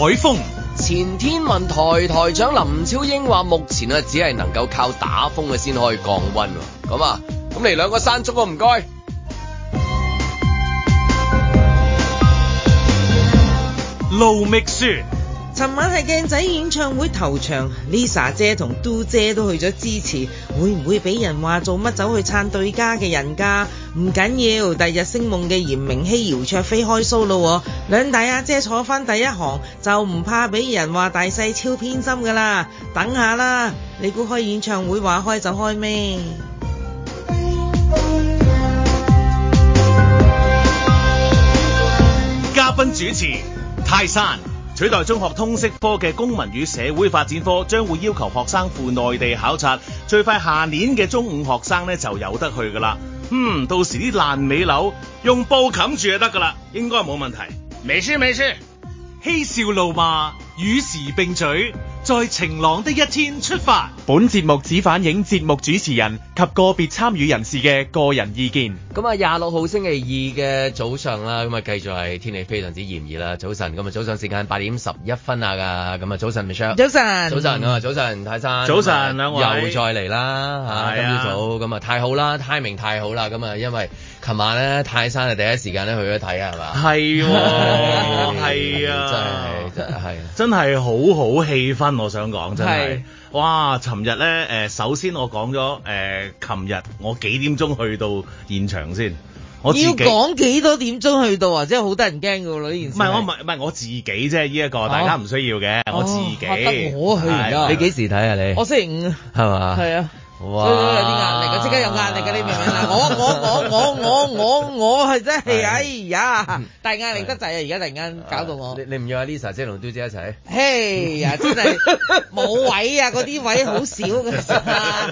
海風，前天文台台長林超英話，目前啊只係能夠靠打風啊先可以降溫。咁啊，咁嚟兩個山竹啊，唔該。盧覓雪。尋晚係鏡仔演唱會頭場，Lisa 姐同 Do 姐都去咗支持，會唔會俾人話做乜走去撐對家嘅人噶？唔緊要，第日星夢嘅炎明熹、姚焯菲開 show 咯，兩大阿姐坐翻第一行就唔怕俾人話大細超偏心噶啦。等下啦，你估開演唱會話開就開咩？嘉賓主持：泰山。取代中學通識科嘅公民與社會發展科，將會要求學生赴內地考察，最快下年嘅中五學生呢就有得去噶啦。嗯，到時啲爛尾樓用布冚住就得噶啦，應該冇問題。眉師眉師，嬉笑怒罵與時並舉。在晴朗的一天出發。本節目只反映節目主持人及個別參與人士嘅個人意見。咁啊，廿六號星期二嘅早上啦，咁啊，繼續係天氣非常之炎熱啦。早晨，咁啊，早上時間八點十一分啊，噶。咁啊，早晨 Michelle，早晨，早晨，早晨啊，早晨，泰山，早晨，兩位，又再嚟啦。係啊，今朝早，咁啊，太好啦，timing 太好啦。咁啊，因為。琴晚咧，泰山啊，第一時間咧去咗睇啊，係嘛？係喎，係啊，真係真係真係好好氣氛，我想講真係。哇！琴日咧，誒，首先我講咗誒，琴日我幾點鐘去到現場先？我要講幾多點鐘去到啊？真係好得人驚噶咯呢件事。唔係我唔係我自己啫，呢一個大家唔需要嘅，我自己。我去你幾時睇啊你？我星期五。係嘛？係啊。所以都有啲壓力嘅，即刻有壓力嘅，你明唔明啊？我我我我我我我係真係，哎呀，大壓力得滯啊！而家突然間搞到我。你你唔約阿 Lisa 姐同 Jo 姐一齊？嘿呀，真係冇位啊！嗰啲位好少嘅，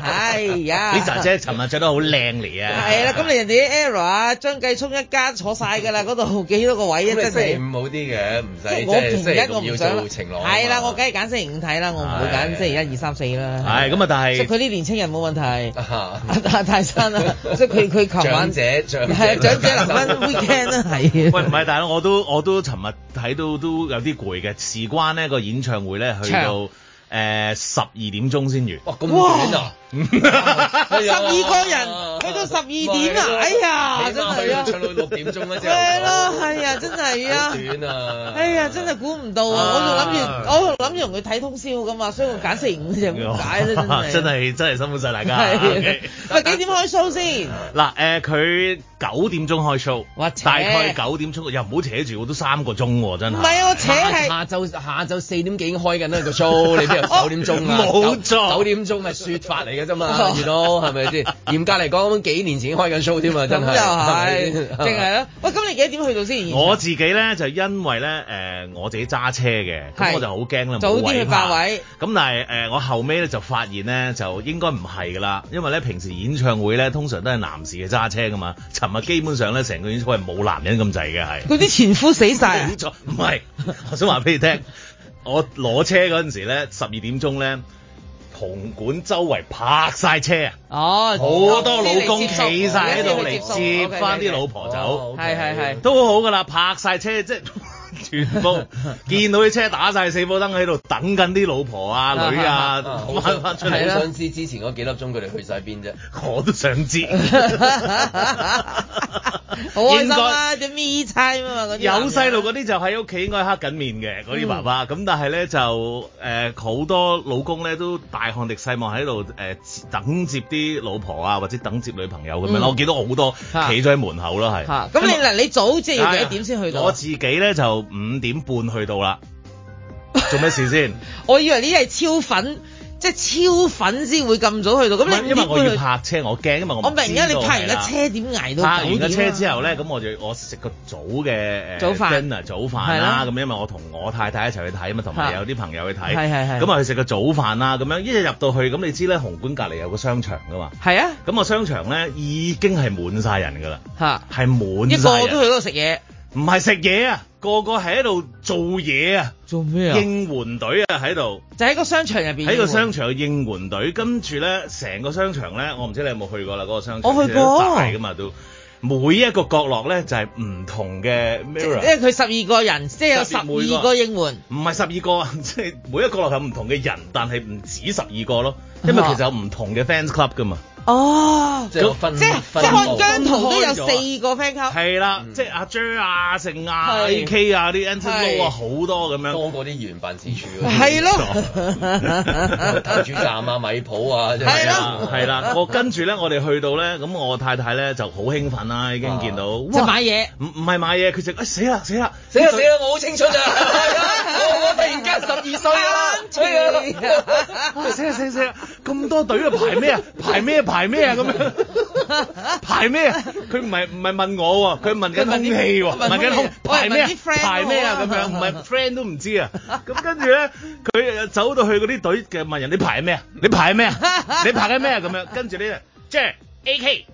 哎呀！Lisa 姐尋日著得好靚嚟啊！係啦，咁你人哋啲 Eric、張繼聰一家坐曬㗎啦，嗰度幾多個位啊？真係星期五好啲嘅，唔使即係即係重要。係啦，我梗係揀星期五睇啦，我唔會揀星期一、二、三、四啦。係咁啊，但係即係佢啲年青人。冇問題，阿阿大山啊，即係佢佢琴晚者長，係長者臨尾 weekend 啦，係。喂是，唔係大佬，我都我都尋日睇到都有啲攰嘅，事關呢個演唱會咧去到誒唱、呃、十二點鐘先完。哇，咁短啊！十二個人去到十二點啊！哎呀，真係唱到六點鐘嗰陣。係咯，係啊，真係啊。短啊！哎呀，真係估唔到啊！我仲諗住，我仲諗住同佢睇通宵㗎嘛，所以我揀四點就唔揀啦，真係。真係真係辛苦晒大家。喂，啊，幾點開 show 先？嗱，誒，佢九點鐘開 show。我大概九點鐘又唔好扯住，我都三個鐘喎，真係。唔係啊，我扯係。下晝下晝四點幾開緊呢個 show，你邊有九點鐘啊？冇錯。九點鐘咪説法嚟嘅。啫嘛，住咯，係咪先？嚴格嚟講，咁幾年前已經開緊 show 添啊，真係咁就係， 正係咯。喂、哦，咁你幾點去到先、呃？我自己咧就因為咧誒，我自己揸車嘅，咁我就好驚啦，的早啲去霸位。咁但係誒、呃，我後尾咧就發現咧，就應該唔係㗎啦，因為咧平時演唱會咧通常都係男士嘅揸車㗎嘛。尋日基本上咧成個演唱會冇男人咁滯嘅係。嗰啲 前夫死晒！唔錯，唔係，我想話俾你聽， 我攞車嗰陣時咧，十二點鐘咧。紅館周圍泊晒車啊！哦，好多老公企晒喺度嚟接翻啲老婆走，係係係都好嘅啦，泊晒車即係。哦哦 okay, 全部見到啲車打晒四波燈，喺度等緊啲老婆啊女啊，爸爸出嚟。好想知之前嗰幾粒鐘佢哋去晒邊啫？我都想知。好開心啊！啲咪妻啊嘛，有細路嗰啲就喺屋企，應該黑緊面嘅嗰啲爸爸，咁但係咧就誒好多老公咧都大汗滴細望，喺度誒等接啲老婆啊，或者等接女朋友咁樣啦，我見到好多企咗喺門口啦係。咁你嗱你早即係要幾點先去到？我自己咧就。五點半去到啦，做咩事先？我以為呢啲係超粉，即係超粉先會咁早去到。咁你因為我要泊車，我驚，因為我我明啊，你泊完架車點挨到九點啊？泊完架車之後咧，咁我就我食個早嘅誒，早飯啊，早飯啦咁，因為我同我太太一齊去睇啊嘛，同埋有啲朋友去睇，咁啊去食個早飯啦，咁樣一入到去，咁你知咧，紅館隔離有個商場噶嘛？係啊，咁啊商場咧已經係滿晒人噶啦，係滿一個都去嗰度食嘢。唔係食嘢啊，個個喺度做嘢啊，做咩啊？應援隊啊，喺度就喺個商場入邊喺個商場應援隊，跟住咧成個商場咧，我唔知你有冇去過啦、啊，嗰、那個商場我去過，大噶嘛都每一個角落咧就係、是、唔同嘅 Mirror，因為佢十二個人，即係有十二個應援，唔係十二個啊，即係每一個角落有唔同嘅人，但係唔止十二個咯，因為其實有唔同嘅 fans club 噶嘛。哦，即係即係看姜濤都有四個 friend 溝，係啦，即係阿張啊、盛啊、AK 啊啲 Anson Lo 啊好多咁樣，多過啲原辦事處嗰啲，係咯，大主站啊、米鋪啊，係啦，係啦，我跟住咧，我哋去到咧，咁我太太咧就好興奮啦，已經見到即係買嘢，唔唔係買嘢，佢就死啦死啦死啦死啦，我好青春啊，我突然間十二歲啦，死啦死啦！咁多隊啊，排咩啊？排咩？排咩啊？咁樣排咩啊？佢唔係唔係問我喎，佢問緊空氣喎，排咩？排咩啊？咁樣唔係 friend 都唔知啊。咁跟住咧，佢走到去嗰啲隊嘅問人：你排咩啊？你排咩啊？你排緊咩啊？咁樣跟住咧，即係 AK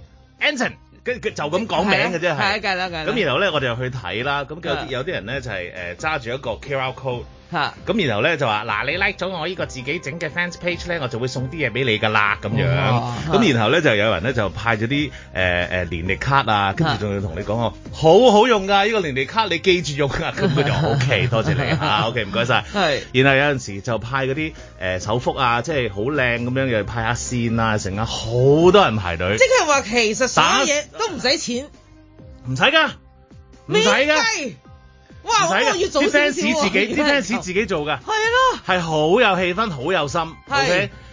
Anton，跟佢就咁講名嘅啫。係啊，計啦計啦。咁然後咧，我哋又去睇啦。咁有啲有啲人咧就係誒揸住一個 QR code。咁然後咧就話，嗱，你 like 咗我呢個自己整嘅 fans page 咧，我就會送啲嘢俾你㗎啦，咁樣。咁、嗯哦哦、然後咧、嗯、就有人咧就派咗啲誒誒年曆卡啊，跟住仲要同你講我好好用㗎，呢、呢個年曆卡你記住用啊。咁佢就、嗯、O OK , K，多謝你嚇，O K 唔該晒。啊」係、OK。嗯、然後有陣時就派嗰啲誒手幅啊，即係好靚咁樣，又派下扇啊，成啊，好多人排隊。即係話其實所有嘢打都唔使錢，唔使㗎，唔使㗎。沒 哇！唔使嘅啲 fans 自己啲 fans 自己做嘅，係咯的，係好有氣氛，好有心，OK。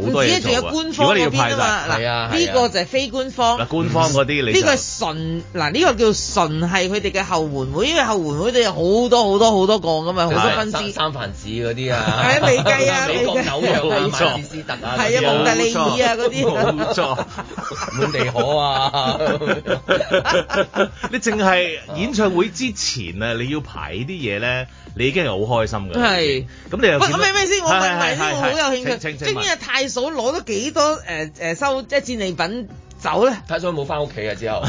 好多嘢做啊！如果你要排啦，係啊，呢個就係非官方。嗱，官方嗰啲你就呢個純嗱，呢個叫純係佢哋嘅後援會，因為後援會都有好多好多好多個㗎嘛，好多分支。三三藩市嗰啲啊，係啊，美計啊，美國紐啊，蒙特利爾啊，嗰啲。冇錯，滿地可啊！你淨係演唱會之前啊，你要排啲嘢咧，你已經係好開心㗎。係，咁你又喂？咁咩咩先？我問埋先，我好有興趣。今日太～你攞咗幾多誒誒收即係戰利品走咧睇下有冇翻屋企啊！之後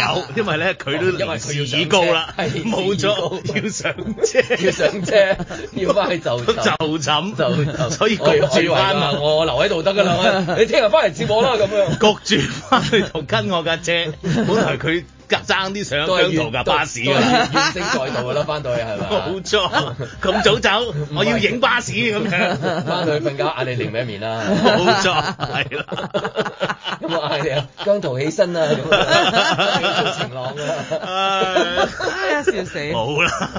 有，因為咧佢都因為佢要上車，冇咗要上車要上車要翻去就就就。所以焗住翻嚟！我我留喺度得㗎啦，你聽日翻嚟接我啦咁樣，焗住翻去同跟我家姐，本來佢。爭啲相，姜濤架巴士啊，影星在度啦，翻到去係嘛？冇錯，咁早走，我要影巴士咁樣。翻到去瞓覺，嗌你另俾一面啦。冇錯，係啦。咁啊，姜濤起身啊，咁啊，變做晴朗啊，哎呀，笑死！冇啦，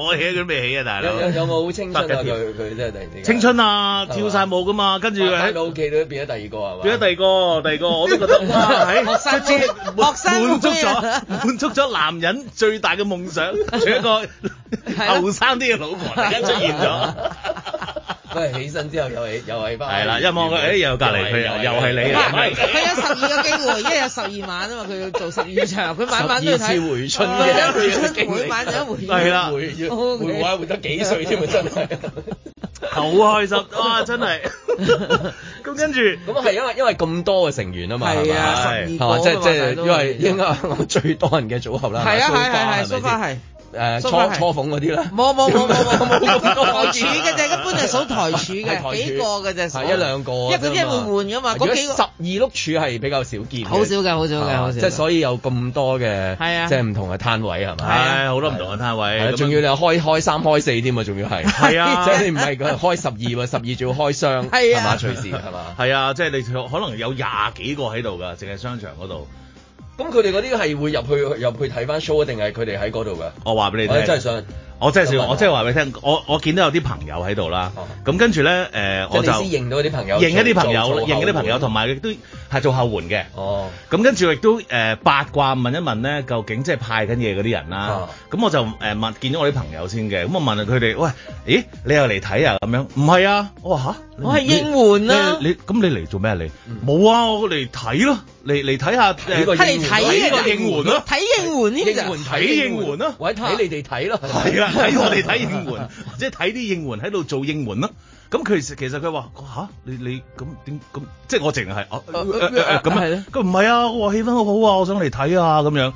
我起都未起啊，大佬。有冇青春啊？佢佢真係突然之間。青春啊，跳曬舞噶嘛，跟住喺屋企都變咗第二個係嘛？變咗第二個，第二個我都覺得哇，喺一節學生滿足咗。滿 足咗男人最大嘅夢想，做 一個後生啲嘅老婆，突然間出現咗。 佢起身之後又係又係翻，係啦一望佢，誒又隔離佢又又係你，佢有十二個機會，因為有十二晚啊嘛，佢要做十二場，佢晚晚都睇，二次回春，佢每晚就一回春，回回得幾歲添啊，真係好開心啊，真係咁跟住，咁啊係因為因為咁多嘅成員啊嘛，係啊，十二個，係即係即係因為應該係我最多人嘅組合啦，係啊，係係係，蘇哥係。誒初初縫嗰啲啦，冇冇冇冇冇冇咁多台柱嘅啫，一般係數台柱嘅幾個嘅啫，係一兩個，一個一會換噶嘛，嗰幾個十二碌柱係比較少見，好少嘅，好少嘅，好少，即係所以有咁多嘅，係啊，即係唔同嘅攤位係嘛，係好多唔同嘅攤位，仲要你開開三開四添啊，仲要係，係啊，即係你唔係佢開十二喎，十二仲要開雙係啊，隨時係嘛，係啊，即係你可能有廿幾個喺度㗎，淨係商場嗰度。咁佢哋嗰啲係會入去入去睇翻 show 定係佢哋喺嗰度噶？我話俾你聽，真係想。我真係笑，我真係話俾你聽，我我見到有啲朋友喺度啦，咁跟住咧，誒，我就認到啲朋友，認一啲朋友啦，認一啲朋友，同埋亦都係做後援嘅。哦，咁跟住亦都誒八卦問一問咧，究竟即係派緊嘢嗰啲人啦。哦，咁我就誒問見咗我啲朋友先嘅，咁我問佢哋：喂，咦，你又嚟睇啊？咁樣唔係啊？我話吓，我係應援啦。你咁你嚟做咩？你冇啊？我嚟睇咯，嚟嚟睇下睇個應援，睇個應援咯，睇應援呢？應援睇應援咯，睇你哋睇咯，係啊。睇我哋睇應援，即係睇啲應援喺度做應援咯。咁佢其實佢話吓你你咁點咁，即係我淨係哦咁係咧，佢唔係啊，我話氣氛好好啊，我想嚟睇啊咁樣。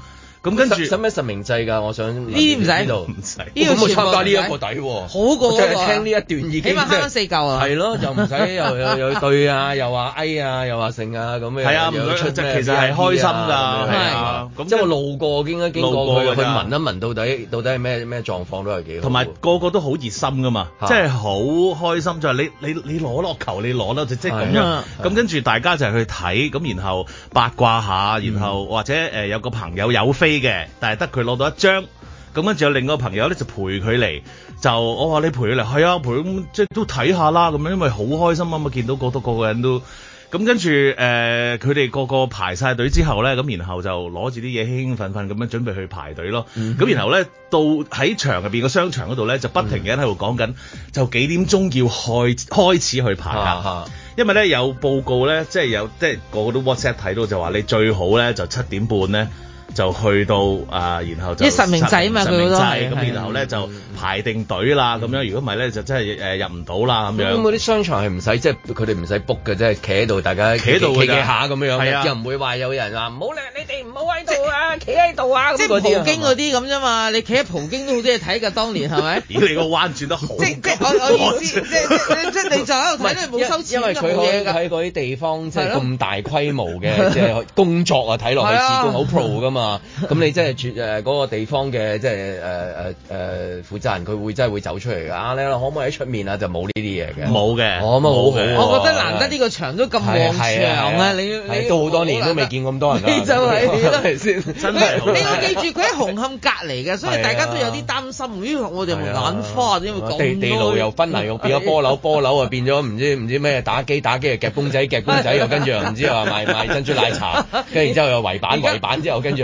咁跟住使咩使實名制㗎？我想呢啲唔使，呢度唔使，呢個冇參加呢一個底喎，好過嗰個。即係聽呢一段已經，即係起碼四嚿啊！係咯，就唔使又又又對啊，又話 A 啊，又話剩啊咁嘅。係啊，唔出即係其實係開心㗎，係啊，即係路過經過經過佢，聞一聞到底到底係咩咩狀況都係幾好。同埋個個都好熱心㗎嘛，即係好開心，就係你你你攞落球，你攞得即即咁樣。咁跟住大家就係去睇，咁然後八卦下，然後或者誒有個朋友有飛。嘅，但係得佢攞到一張咁，跟仲有另外個朋友咧就陪佢嚟。就我話你陪佢嚟係啊，陪即係都睇下啦。咁樣因為好開心啊嘛，見到個個個個人都咁跟住誒，佢哋個個排晒隊之後咧，咁然後就攞住啲嘢興興奮奮咁樣準備去排隊咯。咁、嗯、哼然後咧到喺場入邊個商場嗰度咧就不停嘅喺度講緊，嗯、哼就幾點鐘要開開始去排啦，啊、因為咧有報告咧，即係有即係個，個個都 WhatsApp 睇到就話你最好咧就七點,七點半咧。就去到啊，然後就一實名制啊嘛，佢咯，咁然後咧就排定隊啦，咁樣。如果唔係咧，就真係誒入唔到啦，咁樣。咁嗰啲商場係唔使，即係佢哋唔使 book 嘅，即係企喺度，大家企喺度㗎。企下咁樣，又唔會話有人話唔好你你哋唔好喺度啊，企喺度啊咁即係葡京嗰啲咁啫嘛，你企喺葡京都好中意睇㗎，當年係咪？咦？你個彎轉得好。即係我即係你就喺度睇咧，冇收錢乜嘢㗎。因為佢喺啲地方即係咁大規模嘅即係工作啊，睇落去視覺好 pro 㗎嘛。咁你真係住誒嗰個地方嘅即係誒誒誒負責人，佢會真係會走出嚟㗎。你可唔可以喺出面啊？就冇呢啲嘢嘅，冇嘅，我咁啊冇冇。我覺得難得呢個場都咁旺啊！你都好多年都未見咁多人。你就係睇多啲先。你你記住佢喺紅磡隔籬嘅，所以大家都有啲擔心。咦？我就眼花，因為講咁多。地地路又分離，又變咗波樓，波樓又變咗唔知唔知咩？打機打機又夾公仔，夾公仔又跟住又唔知又賣賣珍珠奶茶，跟住之後又圍板圍板之後跟住。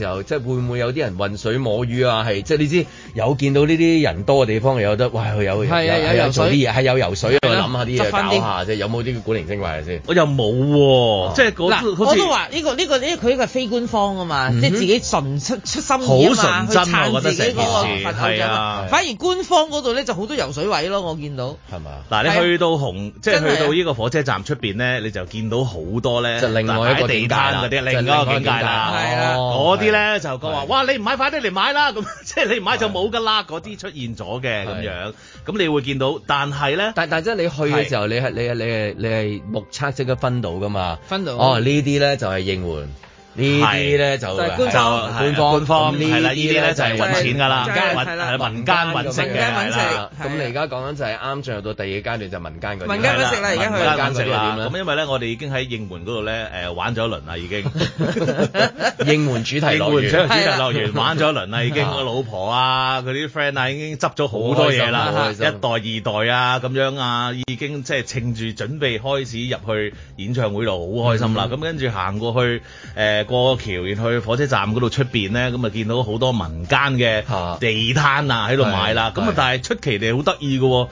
～時候即係會唔會有啲人混水摸魚啊？係即係你知有見到呢啲人多嘅地方又有得，佢有有有遊水，係有遊水啊！諗下啲嘢，搞下啫，有冇啲古靈精怪先？我又冇喎，即係嗰嗱我都話呢個呢個呢，佢呢個非官方啊嘛，即係自己純出出心好純真，去撐自己嗰個佛。反而官方嗰度咧就好多遊水位咯，我見到係嘛？嗱，你去到紅即係去到呢個火車站出邊咧，你就見到好多咧，擺地攤嗰啲，另外一個境界啦，係啦，嗰啲。咧就講話：「是的 哇！你唔買快啲嚟買啦，咁即係你唔買就冇噶啦。嗰啲是的 出現咗嘅咁樣，咁你會見到。但係咧，但但即係你去嘅時候，是的 你係你係你係你係目測即刻分到噶嘛？分到哦，呢啲咧就係、是、應援。呢啲咧就係官方官方，係啦，呢啲咧就係揾錢噶啦，係民間揾食嘅。咁你而家講緊就係啱進入到第二階段，就民間嗰啲民間揾食啦，而家去民間嗰啲點，咁因為咧，我哋已經喺應門嗰度咧誒玩咗一輪啦，已經應門主題樂園，主題樂園玩咗一輪啦，已經老婆啊，佢啲 friend 啊，已經執咗好多嘢啦，一代二代啊咁樣啊，已經即係趁住準備開始入去演唱會度好開心啦。咁跟住行過去誒。過橋，去火車站嗰度出邊咧，咁啊見到好多民間嘅地攤啊喺度買啦，咁啊但係出奇地好得意嘅，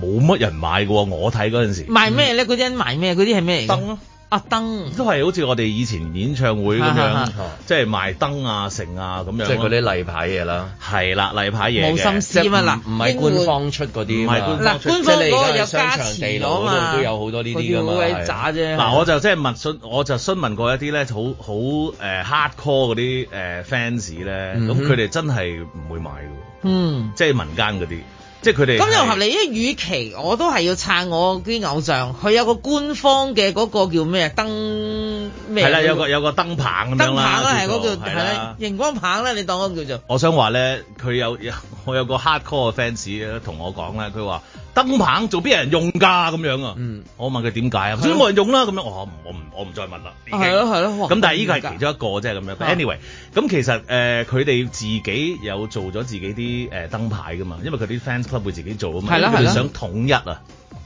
冇乜人買嘅，我睇嗰陣時。賣咩咧？嗰啲、嗯、人賣咩？嗰啲係咩嚟？阿燈都係好似我哋以前演唱會咁樣，即係賣燈啊、城啊咁樣，即係嗰啲例牌嘢啦。係啦，例牌嘢。冇心思啊！嗱，唔係官方出嗰啲，唔係官方出嗰個又加錢咗嘛？都有好多呢啲㗎嘛，渣啫。嗱，我就即係問詢，我就詢問過一啲咧，好好誒 hard core 嗰啲誒 fans 咧，咁佢哋真係唔會買㗎。嗯，即係民間嗰啲。即係佢哋咁又合理，因為 與其我都係要撐我啲偶像，佢有個官方嘅嗰個叫咩燈咩？係啦，有個有個燈棒咁樣啦，係嗰、啊這個係熒的的光棒啦、啊，你當我叫做。我，我想話咧，佢有我有，有個 hardcore 嘅 fans 咧，同我講咧，佢話燈棒做邊有人用㗎咁樣啊？樣嗯、我問佢點解啊？點冇人用啦咁樣？我唔我唔我唔再問啦。係咯係咯。咁但係呢個係其中一個即係咁樣。嗯、的 anyway，咁其實誒佢哋自己有做咗自己啲誒燈牌㗎嘛，因為佢啲 fans。分配自己做啊嘛，係啦的，佢哋想統一啊。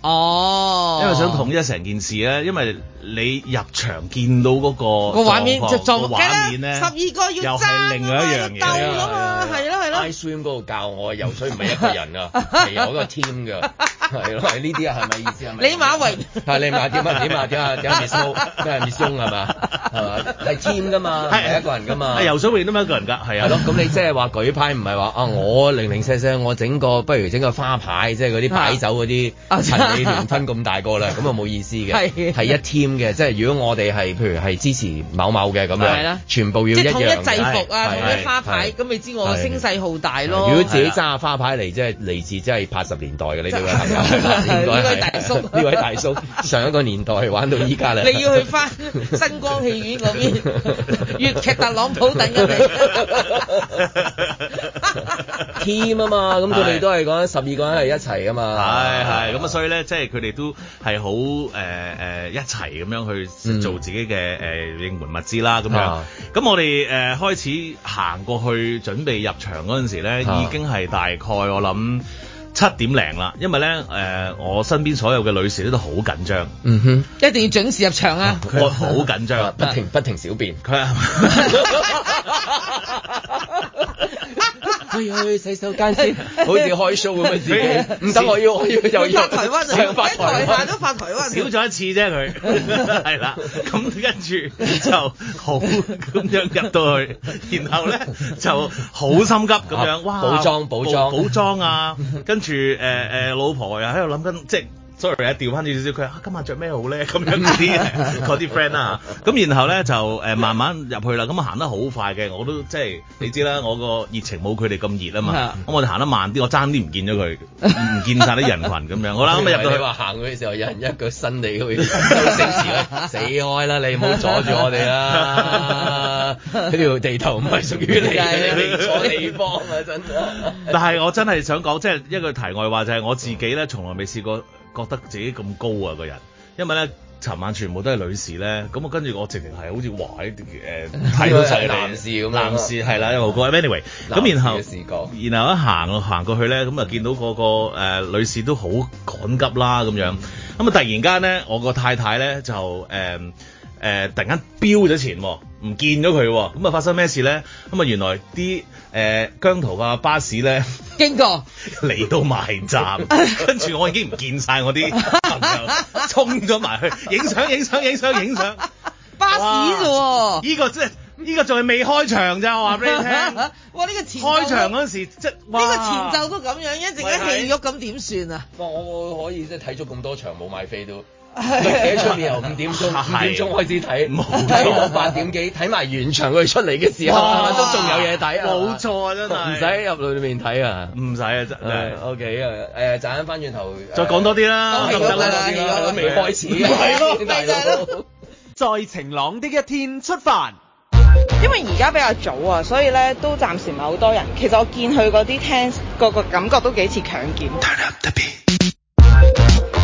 哦，因為想統一成件事咧，因為你入場見到嗰個個畫面，即係面嘅，十二個要爭，要鬥啊嘛，係咯係咯。I Swim 嗰度教我游水唔係一個人啊，係有一個 team 㗎，係咯係呢啲啊，係咪意思啊？李馬為係李馬點啊點啊點啊點啊滅數，即係滅鐘係嘛係嘛係 team 㗎嘛，唔係一個人㗎嘛。遊水永遠都唔係一個人㗎，係啊咯。咁你即係話舉牌唔係話啊，我零零散散，我整個不如整個花牌，即係嗰啲擺酒嗰啲。你年分咁大個啦，咁啊冇意思嘅，係一 team 嘅，即係如果我哋係譬如係支持某某嘅咁樣，全部要一樣制服啊，同一花牌，咁你知我聲勢浩大咯。如果自己揸花牌嚟，即係嚟自即係八十年代嘅呢個朋友，呢位大叔，呢位大叔，上一個年代玩到依家啦。你要去翻新光戲院嗰邊，粵劇特朗普等緊你。team 啊嘛，咁佢哋都係講十二個人係一齊噶嘛，係係咁啊，所以咧。即係佢哋都係好誒誒一齊咁樣去做自己嘅誒、呃、應援物資啦咁樣。咁、啊、我哋誒、呃、開始行過去準備入場嗰陣時咧，已經係大概我諗七點零啦。因為咧誒、呃、我身邊所有嘅女士咧都好緊張。嗯哼，一定要準時入場啊！啊我好緊張，不停不停小便。佢啊！ 去去，去洗手間先，好似開 show 咁樣唔得，我要我要又要發台。是發台灣啊！喺是台灣都發台灣，是台少咗一次啫佢，係 啦，咁跟住就好咁樣入到去，然後咧就好心急咁樣，補妝補妝補妝啊！跟住誒誒老婆又喺度諗緊，即係。sorry 啊，調翻少少，佢啊，今日着咩好咧？咁樣嗰啲嗰啲 friend 啊，咁然後咧就誒慢慢入去啦，咁啊行得好快嘅，我都即係你知啦，我個熱情冇佢哋咁熱啊嘛，咁 我哋行得慢啲，我爭啲唔見咗佢，唔見晒啲人群。咁樣，好啦，咁入到去話行嘅時候，有人一腳伸你去，死 死開啦！你唔好阻住我哋啦，呢條 地頭唔係屬於你， 你錯地方啊真， 但係我真係想講即係一句題外話，就係我自己咧，從來未試過。覺得自己咁高啊個人，因為咧，尋晚全部都係女士咧，咁我跟住我直情係好似話喺誒睇到齊男士咁啦，男士係啦，因為個 anyway 咁然後，然後一行行過去咧，咁啊見到、個個、呃、女士都好趕急啦咁樣，咁啊突然間咧，我個太太咧就誒誒、呃呃、突然間飆咗前喎，唔見咗佢喎，咁啊發生咩事咧？咁啊原來啲誒，江圖姜濤嘅巴士咧經過嚟 到埋站，跟住 我已經唔見晒我啲朋友， 衝咗埋去影相，影相，影相，影相。巴士啫喎，依哇、這個真係，依、這個仲係未開場咋，我話俾你聽、這個。哇！呢個前開場嗰時，即係呢個前奏都咁樣，一直間疲喐咁點算啊？我我可以即係睇咗咁多場冇買飛都。企喺出面由五點鐘，五點鐘開始睇，冇錯，八點幾睇埋完場佢出嚟嘅時候，都仲有嘢睇，冇錯啦，唔使入裏面睇啊，唔使啊，真係，O K 啊，誒，陣間翻轉頭，再講多啲啦，咁多啲咯，未開始，係咯，就係咯，在晴朗的一天出發，因為而家比較早啊，所以咧都暫時唔係好多人。其實我見佢嗰啲廳，個個感覺都幾似強檢。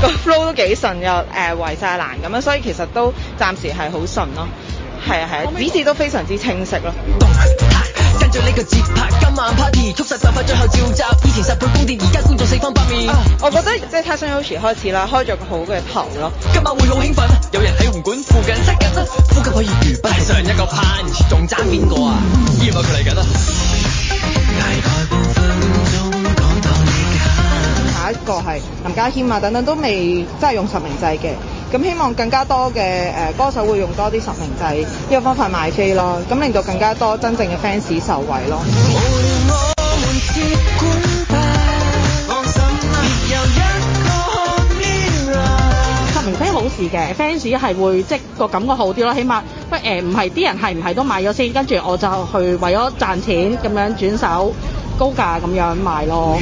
個 flow 都幾順嘅，誒圍晒欄咁樣，所以其實都暫時係好順咯，係啊係啊，指示都非常之清晰咯 。跟住呢個節拍，今晚 party，速殺殺殺，最後召集，以前十倍攻殿，而家攻到四方八面。Uh, 我覺得以即係 Tasha 開始啦，開咗個好嘅頭咯。今晚會好興奮，有人喺紅館附近塞緊啦，呼吸可以預不？上一個 punch 仲爭邊個啊？依然佢嚟緊啊！大概 一個係林家謙啊，等等都未真係用實名制嘅，咁希望更加多嘅誒、呃、歌手會用多啲實名制呢個方法買飛咯，咁令到更加多真正嘅 fans 受惠咯。實名飛好事嘅 fans 係會即個感覺好啲咯，起碼、呃、不誒唔係啲人係唔係都買咗先，跟住我就去為咗賺錢咁樣轉手高價咁樣賣咯。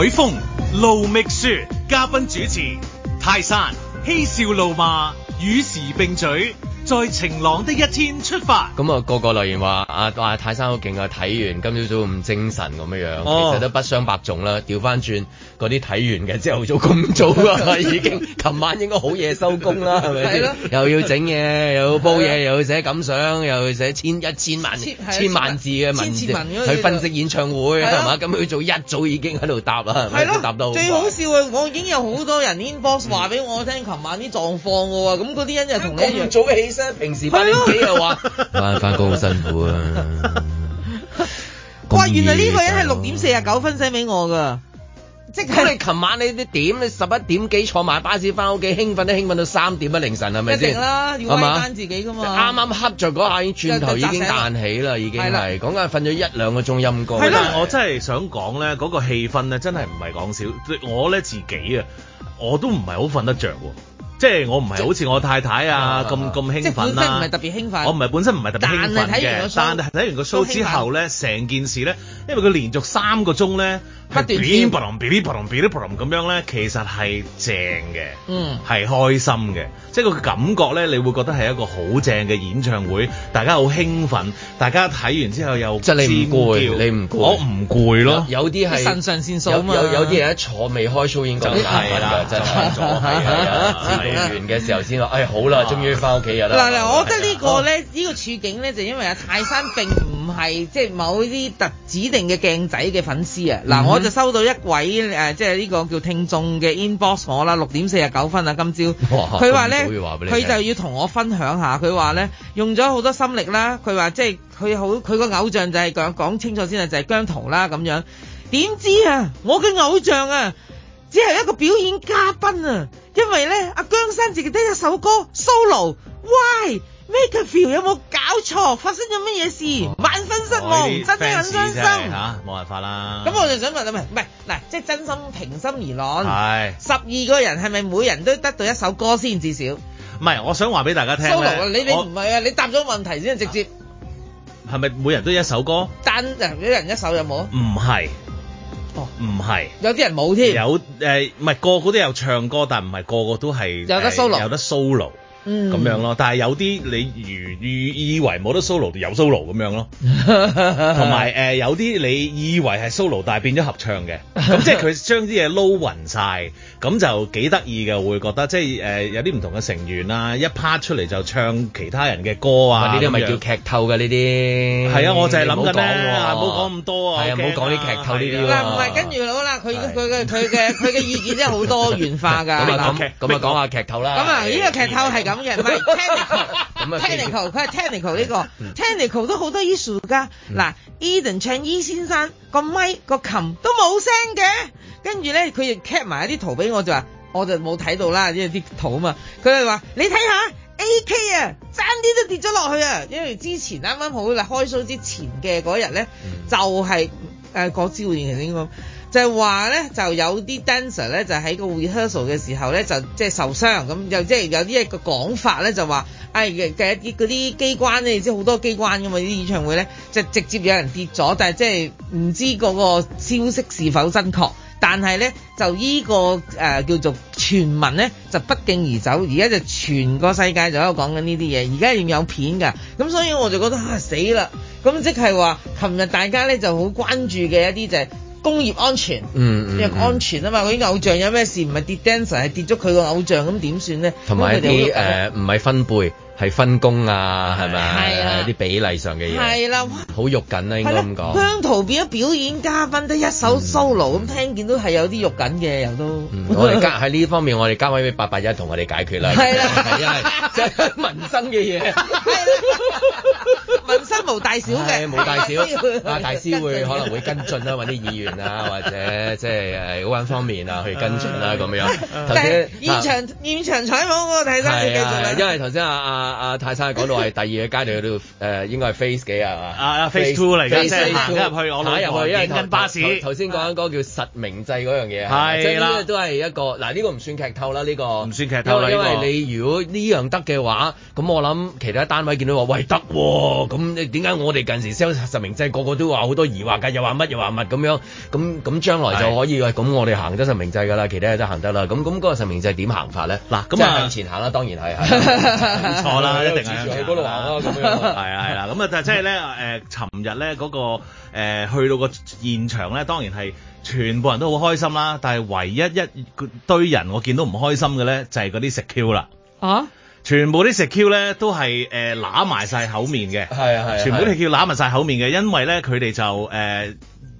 海風盧覓雪，嘉賓主持泰山嬉笑怒罵與時並舉。在晴朗的一天出發。咁啊，個個留言話啊話泰山好勁啊，睇完今朝早咁精神咁樣樣，其實都不相伯仲啦。調翻轉嗰啲睇完嘅，之後咁早啊，已經琴晚應該好夜收工啦，係咪？又要整嘢，又要煲嘢，又要寫感想，又要寫千一千萬千萬字嘅文，去分析演唱會係嘛？咁佢早一早已經喺度答啦，係咪？答到最好笑啊！我已經有好多人 inbox 話俾我聽，琴晚啲狀況喎，咁嗰啲人又同你一樣早起。平時翻工又話翻翻工好辛苦啊！哇，原來呢個人係六點四啊九分醒 e 俾我噶，即、就、係、是、你琴晚你啲點？你十一點幾坐埋巴士翻屋企，興奮都興奮到三點啊凌晨係咪先？是是一啦，要威間自己噶嘛！啱啱瞌著嗰下，啊、轉頭已經彈起啦，已經係講緊瞓咗一兩個鐘，陰功。嗯、但係我真係想講咧，嗰、那個氣氛咧，真係唔係講少。我咧自己啊，我都唔係好瞓得着喎。即係我唔係好似我太太啊咁咁興奮啦，啊，我唔係特別興奮，我唔係本身唔係特別興奮嘅，但係睇完，個 show, 完個 show 之後咧，成件事咧，因為佢連續三個鐘咧。不斷變噉樣咧，其實係正嘅，嗯，係開心嘅，即係個感覺咧，你會覺得係一個好正嘅演唱會，大家好興奮，大家睇完之後又即係你唔攰，你唔攰，我唔攰咯，有啲係身上先數有有啲人坐未開 show 已經講曬啦，真係坐係啊，睇完嘅時候先話，哎好啦，終於翻屋企㗎啦。嗱嗱，我覺得呢個咧，呢個處境咧，就因為阿泰山並唔係即係某啲特指定嘅鏡仔嘅粉絲啊，嗱我。我就收到一位誒、呃、即係呢個叫聽眾嘅 inbox 我啦，六點四十九分啊，今朝佢話咧，佢哇就要同我分享下，佢話咧用咗好多心力啦。佢話即係佢好佢個偶像就係講講清楚先啊，就係、是、姜濤啦咁樣，點知啊，我嘅偶像啊，只係一個表演嘉賓啊，因為咧阿姜生自己得一首歌 solo，why？make a feel 有冇搞錯？發生咗乜嘢事？萬分失望，真係很傷心嚇，冇辦法啦。咁我就想問你：唔係，唔係，嗱，即係真心平心而論，係十二個人係咪每人都得到一首歌先至少？唔係，我想話俾大家聽 solo 你，你唔係啊，你答咗問題先直接。係咪每人都一首歌？單人一人一首有冇？唔係，哦，唔係，有啲人冇添。有誒，唔係個個都有唱歌，但唔係個個都係有得 solo 有得 solo。咁樣咯，但係有啲你預預以為冇得 solo，有 solo 咁樣咯。同埋誒有啲你以為係 solo，但係變咗合唱嘅。咁即係佢將啲嘢撈勻晒，咁就幾得意嘅，我會覺得即係誒有啲唔同嘅成員啊，一 part 出嚟就唱其他人嘅歌啊。呢啲咪叫劇透嘅呢啲。係啊，我就係諗㗎啦，冇講咁多啊，係啊，冇講啲劇透呢啲。嗱唔係跟住好啦，佢佢嘅佢嘅佢嘅意見真係好多元化㗎。咁咁啊，講下劇透啦。咁啊，呢個劇透係咁。唔係 technical，technical 佢係 technical 呢、呢個 technical 都好多 issue 㗎。嗱，Eden 唱 E 先生個咪個琴都冇聲嘅，跟住咧佢又 cap 埋一啲圖俾我，就話我就冇睇到啦，因為啲圖啊嘛。佢話你睇下 AK 啊，爭啲都跌咗落去啊，因為之前啱啱好嚟開 show 之前嘅嗰日咧， 就係誒招年年呢個。呃就係話咧，就有啲 dancer 咧，就喺個 rehearsal 嘅時候咧，就即係受傷咁，又即係有啲一個講法咧，就話誒嘅一啲嗰啲機關咧，即係好多機關㗎嘛啲演唱會咧，即係直接有人跌咗，但係即係唔知嗰個消息是否真確。但係咧、這個，就依個誒叫做傳聞咧，就不脛而走，而家就全個世界就喺度講緊呢啲嘢，而家仲有片㗎，咁所以我就覺得嚇、啊、死啦。咁即係話，琴日大家咧就好關注嘅一啲就係、是。工業安全，嗯，嗯，因為安全啊嘛，佢啲偶像有咩事，唔係跌 dancer，係跌咗佢個偶像咁點算咧？同埋啲誒，唔係、呃、分貝。係分工啊，係咪啊？有啲比例上嘅嘢，係啦，好肉緊啦，應該咁講。姜濤變表演嘉賓，都一首 solo 咁聽見都係有啲肉緊嘅，又都。我哋加喺呢方面，我哋加位俾八八一同我哋解決啦。係啦，係，即係民生嘅嘢。係啦，民生無大小嘅，無大小。啊，大師會可能會跟進啦，揾啲議員啊，或者即係誒嗰揾方面啊去跟進啦，咁樣。頭先現場現場採訪嗰個第三，因為頭先啊啊。阿泰山講到係第二嘅階段嗰度，誒應該係 Phase 幾啊？啊啊 Phase Two 嚟嘅，即係入去，我諗。打入去，因為頭先講緊嗰叫實名制嗰樣嘢係。係啦，都係一個嗱，呢個唔算劇透啦，呢個唔算劇透嚟，因為你如果呢樣得嘅話，咁我諗其他單位見到話喂得喎，咁點解我哋近時 sell 實名制個個都話好多疑惑㗎？又話乜又話乜。咁樣，咁咁將來就可以喂，咁我哋行得實名制㗎啦，其他嘢都行得啦。咁咁嗰個實名制點行法咧？嗱，咁啊向前行啦，當然係。一定啊！扯高窿啊，咁樣。係、呃、啊，係啦。咁、那、啊、個，但係即係咧，誒，尋日咧嗰個去到個現場咧，當然係全部人都好開心啦。但係唯一一堆人我見到唔開心嘅咧，就係嗰啲食 Q 啦。嚇、啊！全部啲食 Q 咧都係誒揦埋晒口面嘅。係 啊係。啊全部都係叫揦埋晒口面嘅，因為咧佢哋就誒。呃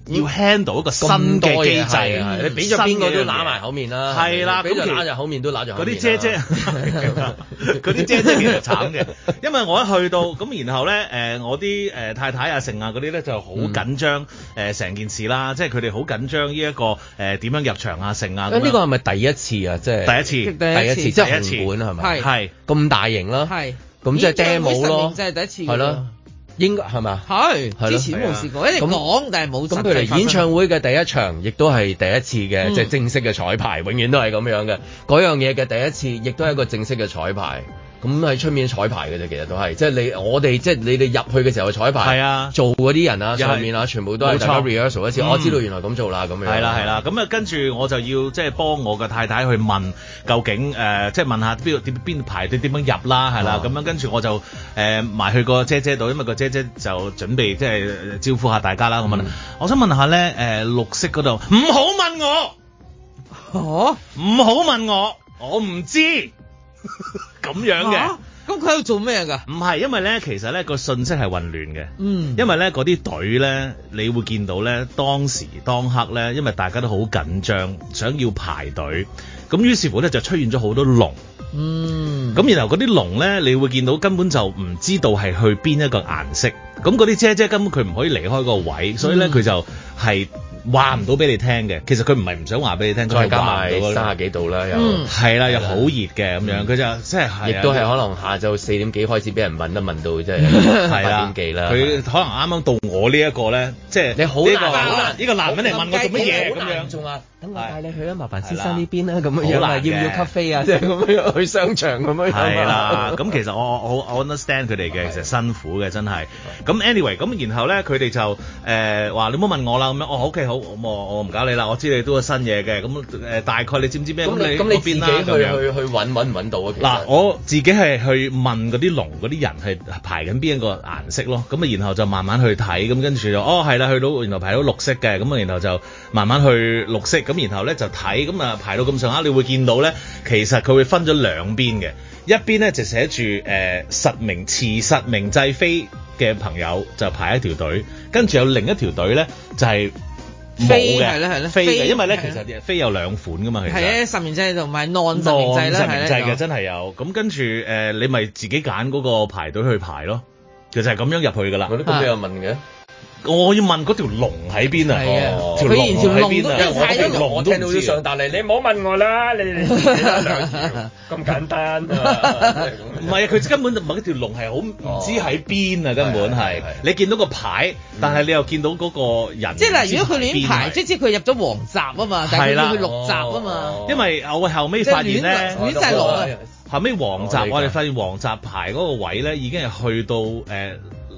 要 handle 一個新嘅機制，你俾咗邊個都揦埋口面啦。係啦，俾咗揦住口面都揦住口面。嗰啲姐姐，嗰啲姐姐其實慘嘅。因為我一去到咁，然後咧誒，我啲誒太太啊、成啊嗰啲咧就好緊張誒成件事啦，即係佢哋好緊張呢一個誒點樣入場啊、成啊。咁呢個係咪第一次啊？即係第一次，第一次即係紅館係咪？係，咁大型啦，係，咁即係 demo 咯，即係第一次，係咯。應該係咪？係，是了之前都冇試過，一直、啊、講但係冇實。咁佢哋演唱會嘅第一場，亦都係第一次嘅，即係正式嘅彩排，嗯、永遠都係咁樣嘅。嗰樣嘢嘅第一次，亦都係一個正式嘅彩排。咁喺出面彩排嘅啫，其實都係，即係你我哋即係你哋入去嘅時候彩排，係啊，做嗰啲人啊，上面啊，啊全部都係一次，我錯、哦、知道原來咁做啦，咁、嗯、樣係啦係啦，咁啊跟住、啊啊啊、我就要即係幫我嘅太太去問究竟誒，即係問下邊度邊邊排點點樣入啦，係啦，咁樣跟住我就誒埋、嗯、去個姐姐度，因為個姐姐就準備即係、就是、招呼下大家啦，我問，嗯、我想問下咧誒、呃，綠色嗰度唔好問我，唔哈好問我，我唔知。咁 樣嘅的，咁佢喺度做咩噶？唔係，因為咧，其實咧個信息係混亂嘅。嗯，因為咧嗰啲隊咧，你會見到咧當時當刻咧，因為大家都好緊張，想要排隊，咁於是乎咧就出現咗好多龍。嗯，咁然後嗰啲龍咧，你會見到根本就唔知道係去邊一個顏色，咁嗰啲姐姐根本佢唔可以離開個位，所以咧佢、嗯、就係、是。話唔到俾你聽嘅，其實佢唔係唔想話俾你聽，再加埋三十幾度啦，又係啦，又好熱嘅咁樣，佢、嗯、就即係亦都係可能下晝四點幾開始俾人問一問到，真係八點幾啦。佢但可能啱啱到我呢一個咧，即係你好難，呢個男人嚟問我做乜嘢咁樣。等我帶你去啊，麻煚先生呢邊啦，咁樣要唔要咖啡啊？即係咁樣去商場咁樣。係啦，咁其實我我 understand 佢哋嘅， 其實辛苦嘅真係。咁 anyway，咁然後咧，佢哋就誒話、呃、你唔好問我啦，咁樣哦，OK 好，我我唔搞你啦，我知你都有新嘢嘅。咁誒大概你知唔知咩？咁你咁你去邊、啊、樣去去揾揾到嗱、啊，我自己係去問嗰啲籠嗰啲人係排緊邊一個顏色咯。咁啊，然後就慢慢去睇，咁跟住就哦係啦，去到然後排到綠色嘅，咁啊，然後就慢慢去綠色。咁然後咧就睇，咁啊排到咁上下，你會見到咧，其實佢會分咗兩邊嘅，一邊咧就寫住誒實名、次實名制飛嘅朋友就排一條隊，跟住有另一條隊咧就係冇嘅，係咧係咧飛嘅，因為咧的其實飛有兩款噶嘛，其實係啊實名制同埋按 o 實名制啦，實名制嘅真係有，咁的跟住誒、呃、你咪自己揀嗰個排隊去排咯，其實係咁樣入去噶啦。我呢個都有問嘅。我要問嗰條龍喺邊啊？佢連條龍都曬咗，我聽到要上達黎，你唔好問我啦！你咁簡單，唔係啊？佢根本就唔係嗰條龍係好唔知喺邊啊！根本係你見到個牌，但係你又見到嗰個人，即係如果佢亂牌，即係佢入咗黃閘啊嘛，但係佢入去綠閘啊嘛。因為我後尾發現咧，亂曬龍啊！後尾黃閘，我哋發現黃閘牌嗰個位咧已經係去到誒。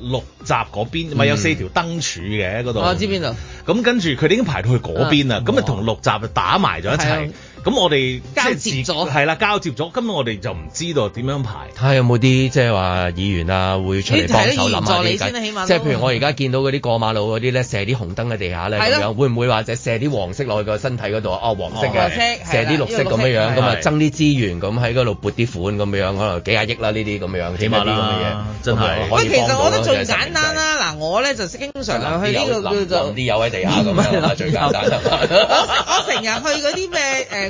六閘嗰邊咪有四條燈柱嘅嗰度，我、嗯裡啊、知邊度。咁跟住佢哋已經排到去嗰邊啦，咁咪同六閘就打埋咗一齊。啊咁我哋交接咗係啦，交接咗，咁我哋就唔知道點樣排。睇下有冇啲即係話議員啊，會出嚟幫手諗下起碼。即係譬如我而家見到嗰啲過馬路嗰啲咧，射啲紅燈喺地下咧，咁樣會唔會話就射啲黃色落去個身體嗰度哦，黃色嘅，射啲綠色咁樣樣，咁啊爭啲資源，咁喺嗰度撥啲款，咁樣可能幾廿億啦，呢啲咁樣，起碼啦，真係。喂，其實我覺得最簡單啦，嗱，我咧就係經常去呢度，叫做啲油喺地下咁樣，最簡單。我成日去嗰啲咩誒？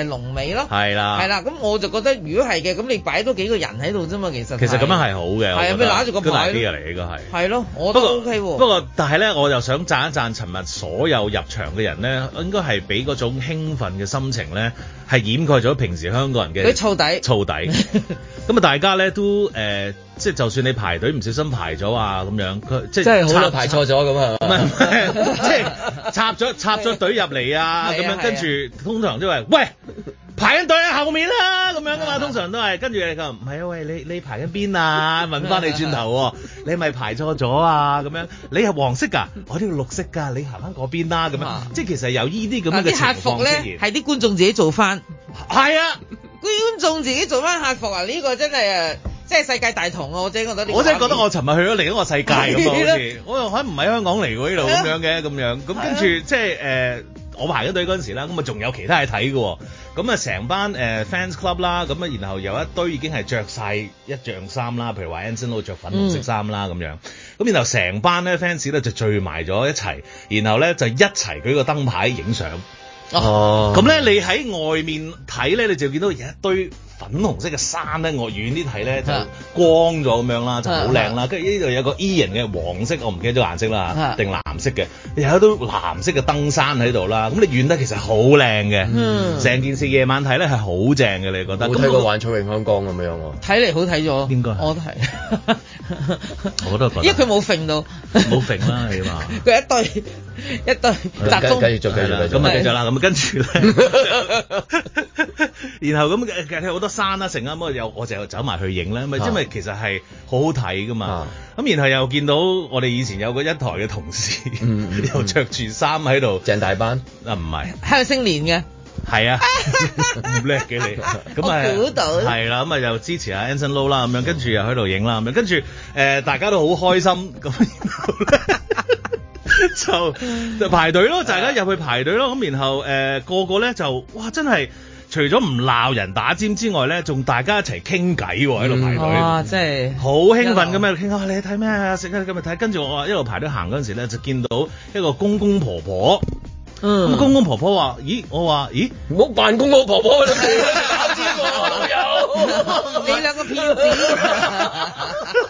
龍尾咯，係啦，係啦，咁我就覺得如果係嘅，咁你擺多幾個人喺度啫嘛，其實其實咁樣係好嘅，係咪揦住個牌？都難啲嚟，呢個係係咯，我都不過 OK 咯不過，但係咧，我就想讚一讚，尋日所有入場嘅人咧，應該係俾嗰種興奮嘅心情咧，係掩蓋咗平時香港人嘅嗰啲燥底，燥底。咁啊， 大家咧都誒。呃即係就算你排隊唔小心排咗啊咁樣，佢即係插握排錯咗咁 啊！唔係即係插咗插咗隊入嚟啊咁樣，跟住通常都係喂。排緊隊喺後面啦，咁樣噶嘛，通常都係跟住你咁唔係啊，喂，你你排緊邊啊？問翻你轉頭，你咪排錯咗啊？咁樣你係黃色㗎，我呢度綠色㗎，你行翻嗰邊啦。咁樣即係其實由依啲咁樣嘅客服呢，係啲觀眾自己做翻。係啊，觀眾自己做翻客服啊？呢個真係誒，即係世界大同啊！我真係覺得你，我真係覺得我尋日去咗另一個世界咁樣先，我又喺唔係香港嚟㗎呢度咁樣嘅咁樣，咁跟住即係誒。我排咗隊嗰陣時啦，咁啊仲有其他嘢睇嘅，咁啊成班誒 fans club 啦，咁啊然後有一堆已經係着晒一樣衫啦，譬如話 Anson Lo 都着粉紅色衫啦咁樣，咁、嗯、然後成班咧 fans 咧就聚埋咗一齊，然後咧就一齊舉個燈牌影相。哦，咁咧、嗯、你喺外面睇咧，你就見到有一堆。粉紅色嘅山咧，我遠啲睇咧就光咗咁樣啦，就好靚啦。跟住呢度有個 E 型嘅黃色，我唔記得咗顏色啦定藍色嘅，有一堆藍色嘅燈山喺度啦。咁你遠得其實好靚嘅，成、嗯、件事夜晚睇咧係好正嘅，你覺得？冇睇過幻彩詠香江咁樣喎、啊，睇嚟、嗯、好睇咗，應該是我，也 我都係，我覺得，因為佢冇揈到，冇揈啦起碼，佢一堆一堆集中，係啦、啊，咁啊繼續啦，咁啊對跟住。 然後咁嘅，其實好多山啦，成啦，咁又，我就走埋去影咧，咪因為其實係好好睇噶嘛。咁然後又見到我哋以前有個一台嘅同事，又着住衫喺度，鄭大班嗱，唔係，係咪姓連嘅？係啊，唔叻嘅你。我估到。係啦，咁啊又支持阿 Anson Lo 啦，咁樣跟住又喺度影啦，咁樣跟住誒大家都好開心，咁然後就就排隊咯，就大家入去排隊咯，咁然後誒個個咧就哇真係～除咗唔鬧人打尖之外咧，仲大家一齊傾偈喎喺度排隊。哇！即係好興奮咁樣傾下，你睇咩啊？食啊咁咪睇。跟住我一路排隊行嗰陣時咧，就見到一個公公婆婆。嗯，公公婆婆話：咦，我話：咦，唔好扮公公婆婆啦，搞啲喎，有你兩個騙子，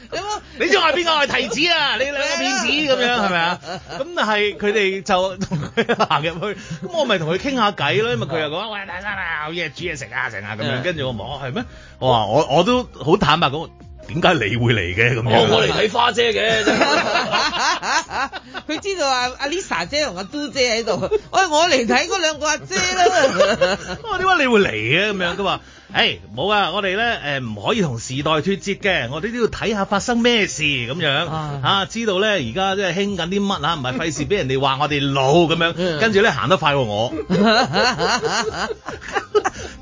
你講，你仲話邊個係提子啊？你兩個騙子咁樣係咪啊？咁 但係佢哋就同佢行入去，咁我咪同佢傾下偈咯。 因為佢又講： 喂，大生啊，有嘢煮嘢食啊，成啊。咁樣。跟住 Yeah. 我望哦，係咩？我話：我我都好坦白講。點解你會嚟嘅咁樣？我嚟睇花姐嘅，佢知道啊阿 Lisa 姐同阿嘟姐喺度，哎我嚟睇嗰兩個阿姐啦。我點解你會嚟嘅咁樣嘅嘛！誒冇啊，我哋咧誒唔可以同時代脫節嘅，我哋都要睇下發生咩事咁樣唉啊在在，啊知道咧而家即係興緊啲乜啊？唔係費事俾人哋話我哋老咁樣， 跟住咧行得快過、啊、我。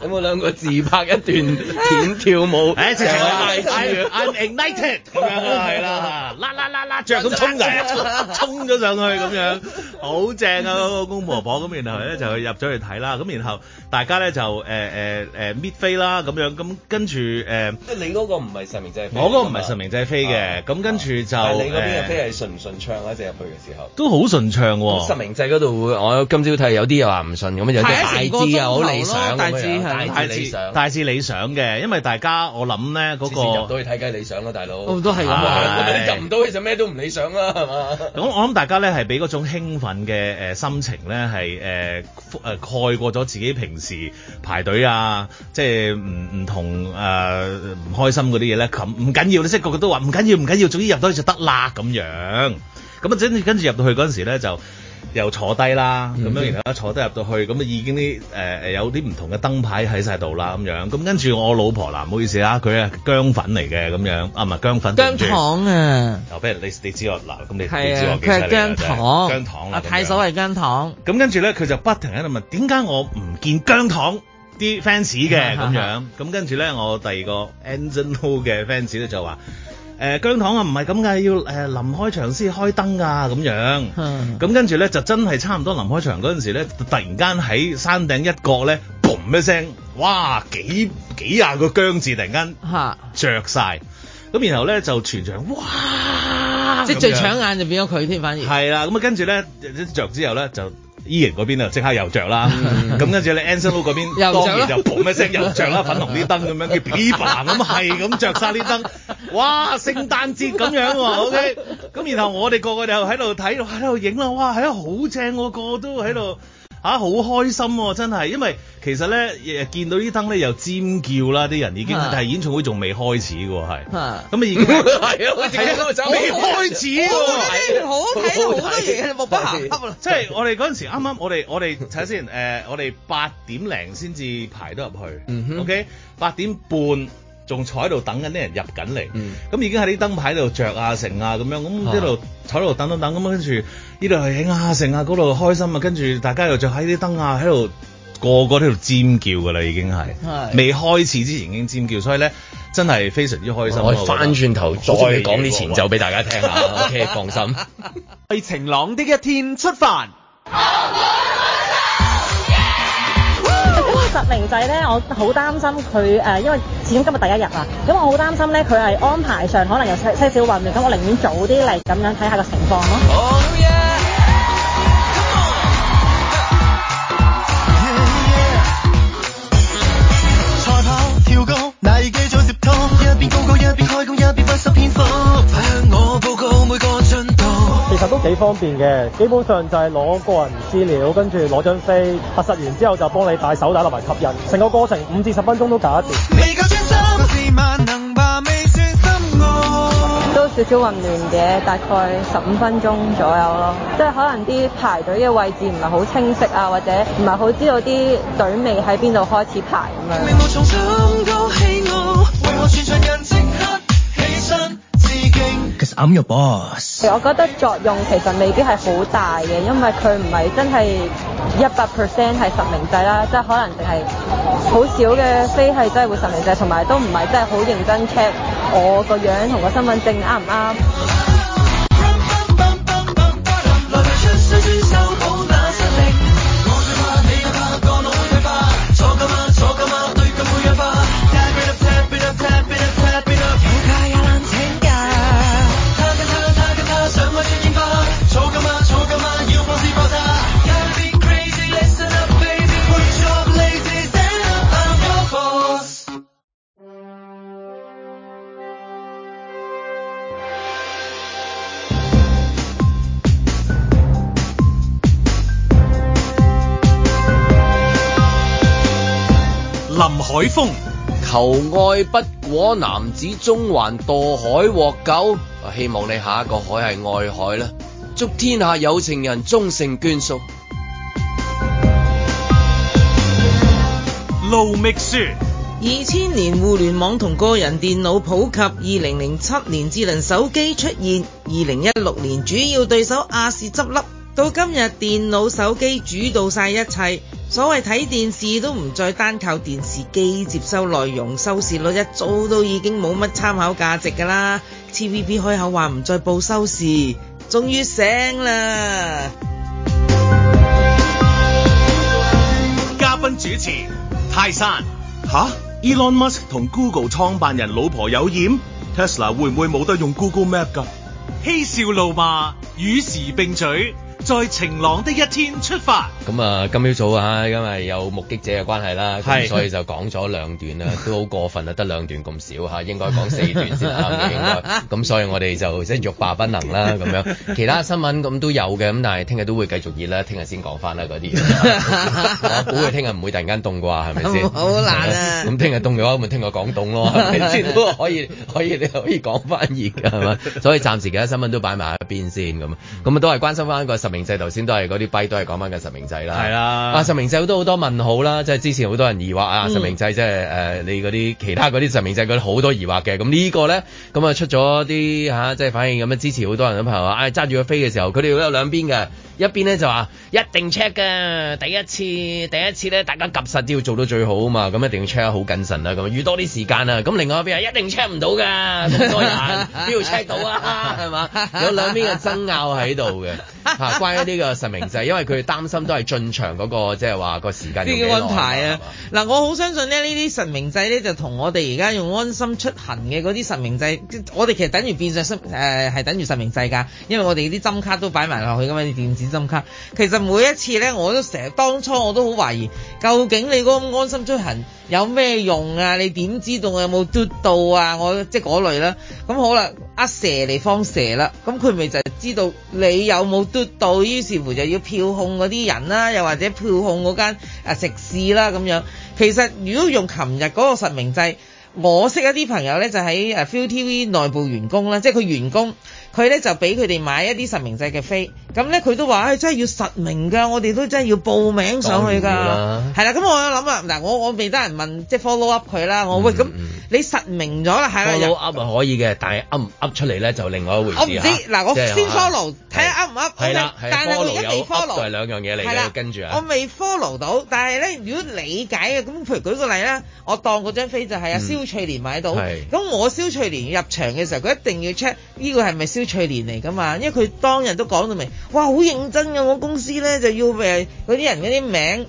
有冇兩個自拍一段片跳舞，誒、 啊，直情太癡，I'm ignited，咁樣係啦， 啦啦啦啦着咁衝嚟，衝咗上去咁樣，好正啊嗰、那個公婆婆咁，然後咧就去入咗去睇啦，咁然後大家咧就誒誒誒搣飛啦咁樣，咁跟住誒，即、呃、係你嗰個唔係實名制飛，我嗰個唔係實名制飛嘅，咁、啊、跟住就、啊啊、你嗰邊嘅飛係順唔順、啊、順暢啊？即係入去嘅時候，都好順暢喎，實名制嗰度會，我今朝睇有啲又話唔順，咁有啲大致啊，好理想，大致。大致理想，大致理想嘅，因為大家我諗咧嗰個入到去睇緊理想咯，大佬都係咁啊！你入唔到就咩都唔理想啦，係嘛？咁我諗大家咧係俾嗰種興奮嘅誒心情咧係誒誒蓋過咗自己平時排隊啊，即係唔唔同誒唔開心嗰啲嘢咧，咁唔緊要咧，即係個個都話唔緊要唔緊要，總之入到去就得啦咁樣。咁啊，真跟住入到去嗰陣時咧就。又坐低啦，咁樣然後咧坐低入到去，咁啊已經啲誒誒有啲唔同嘅燈牌喺晒度啦，咁樣，咁跟住我老婆嗱，唔好意思啊，佢係姜粉嚟嘅咁樣，啊唔係姜粉，姜糖啊，譬如你你知我嗱，咁你你知我幾犀利啊，佢係姜糖，姜糖啊太所謂姜糖，咁跟住咧佢就不停喺度問點解我唔見姜糖啲 fans 嘅咁樣，咁跟住咧我第二個 Angelou 嘅 fans 咧就話。誒、呃、姜糖啊，唔係咁嘅，要誒、呃、臨開場先開燈㗎咁樣，嗯。咁、嗯、跟住咧就真係差唔多臨開場陣時咧，突然間喺山頂一角咧，嘭一聲，哇幾幾廿個姜字突然間吓着晒，咁哈然後咧就全場哇！即係最搶眼就變咗佢添，反而。係啦，咁、嗯、啊跟住咧着之後咧就。E 人嗰邊啊，即刻 又着啦，咁跟住咧，Anson Lau 嗰邊當然就砰一聲又着啦， 粉紅啲燈咁樣，叫 b i 咁係咁着晒啲燈，哇，聖誕節咁樣喎，OK，咁 然後我哋個個就喺度睇，喺度影啦，哇，係啊，好正喎，個個都喺度。嚇好、啊、開心喎、啊！真係，因為其實咧，日日見到啲燈咧又尖叫啦，啲人已經但係、啊、演唱會仲未開始喎，係。咁啊已經係啊，我哋睇下咁啊走。未開始喎，好睇好多嘢，目不暇給，即係我哋嗰陣時啱啱，我哋 我哋睇先，誒我哋八點零先至排得入去，OK 八點半。仲坐喺度等緊啲人入緊嚟，咁、嗯嗯、已經喺啲燈牌度着啊成啊咁樣，咁一度坐喺度等等等，咁跟住呢度係啊成啊，嗰度開心啊，跟住大家又着喺啲燈啊，喺度個個都喺度尖叫噶啦，已經係未 開始之前已經尖叫，所以咧真係非常之開心。 哎、我翻轉頭再講啲前奏俾大家聽，聽下。 o、okay, k 放心。係晴朗的一天出發。 實名制咧，我好擔心佢，誒、呃，因為始終今日第一日啊，咁、嗯、我好擔心咧，佢係安排上可能有些些少混亂，咁我寧願早啲嚟咁樣睇下個情況咯。方便嘅，基本上就係攞個人資料，跟住攞張飛，核實完之後就幫你帶手帶同埋吸引，成個過程五至十分鐘都搞得掂。都少少混亂嘅，大概十五分鐘左右咯，即係可能啲排隊嘅位置唔係好清晰啊，或者唔係好知道啲隊尾喺邊度開始排咁樣。我覺得作用其實未必係好大嘅，因為佢唔係真係一百 percent 係實名制啦，即係可能淨係好少嘅飛係真係會實名制，同埋都唔係真係好認真 check 我個樣同個身份證啱唔啱。 無愛不果，男子中環墮海獲救。我希望你下一個海係愛海啦！祝天下有情人終成眷屬。盧覓雪，二千年互聯網同個人電腦普及，二零零七年智能手機出現，二零一六年主要對手亞視執笠。到今日，電腦手機主導晒一切，所謂睇電視都唔再單靠電視機接收內容，收視率一早都已經冇乜參考價值㗎啦。TVB 開口話唔再報收視，終於醒啦！嘉賓主持泰山，吓？Elon Musk 同 Google 創辦人老婆有染，Tesla 會唔會冇得用 Google Map 㗎？嬉笑怒罵，與時並取。在晴朗的一天出發。咁啊，今朝早啊，因為有目擊者嘅關係啦，係，所以就講咗兩段啦，都好過分啊，得兩段咁少嚇，應該講四段先啱嘅應該。咁所以我哋就即係欲罷不能啦咁樣。其他新聞咁都有嘅，咁但係聽日都會繼續熱啦。聽日先講翻啦嗰啲。我估佢聽日唔會突然間凍啩，係咪先？好難啊！咁聽日凍嘅話，咪聽日講凍咯，係咪先，都可以可以，你可以講翻熱㗎係嘛？所以暫時其他新聞都擺埋一邊先咁啊，咁啊都係關心翻個十。明仔頭先都係嗰啲跛都係講翻嘅實名制啦是、啊啊，係啦啊實名制好多好多問號啦，即、就、係、是、之前好多人疑惑啊實名制即係誒你嗰啲其他嗰啲實名制，嗰啲好多疑惑嘅，咁呢個咧咁，啊出咗啲吓即係反應咁樣，支持好多人咁，朋友話，哎，揸住個飛嘅時候，佢哋都有兩邊嘅。一邊咧就話一定 check 㗎，第一次第一次咧大家及實都要做到最好啊嘛，咁一定要 check 好謹慎啦咁，預多啲時間啊，咁另外一邊一定 check 唔到㗎，咁多人邊度 check 到啊，係嘛？有兩邊嘅爭拗喺度嘅，嚇關於呢個實名制，因為佢擔心都係進場嗰個即係話個時間。呢安排啊！嗱，我好相信咧，呢啲實名制咧就同我哋而家用安心出行嘅嗰啲實名制，我哋其實等於變相誒係等於實名制㗎，因為我哋啲針卡都擺埋落去噉樣啲電子。心卡，其實每一次咧，我都成日當初我都好懷疑，究竟你嗰安心出行有咩用啊？你點知道我有冇嘟到啊？我即係嗰類啦。咁好啦，呃，蛇嚟放蛇啦，咁佢咪就知道你有冇嘟到，於是乎就要票控嗰啲人啦，又或者票控嗰間食肆啦咁樣。其實如果用琴日嗰個實名制，我識一啲朋友咧，就喺誒 ViuTV 內部員工啦，即係佢員工。佢咧就俾佢哋買一啲實名制嘅飛，咁咧佢都話，唉，真係要實名㗎，我哋都真係要報名上去㗎。係啦，咁我諗啊，嗱，我我未得人問，即係 follow up 佢啦。我喂，咁你實名咗啦，係啦就 follow up 係可以嘅，但係 up up 出嚟咧就另外一回事。我唔知，嗱，我先 follow 睇下 up 唔 up，但係一未 follow 就兩樣嘢嚟啦，跟住啊，我未 follow 到，但係咧如果理解嘅，咁譬如舉個例啦，我當嗰張飛就係阿蕭翠蓮買到，咁我蕭翠蓮入場嘅時候，佢一定要 check 呢個係咪蕭。去年嚟㗎嘛，因為佢當日都講到明，哇好認真嘅，我公司呢就要誒嗰啲人嗰啲名、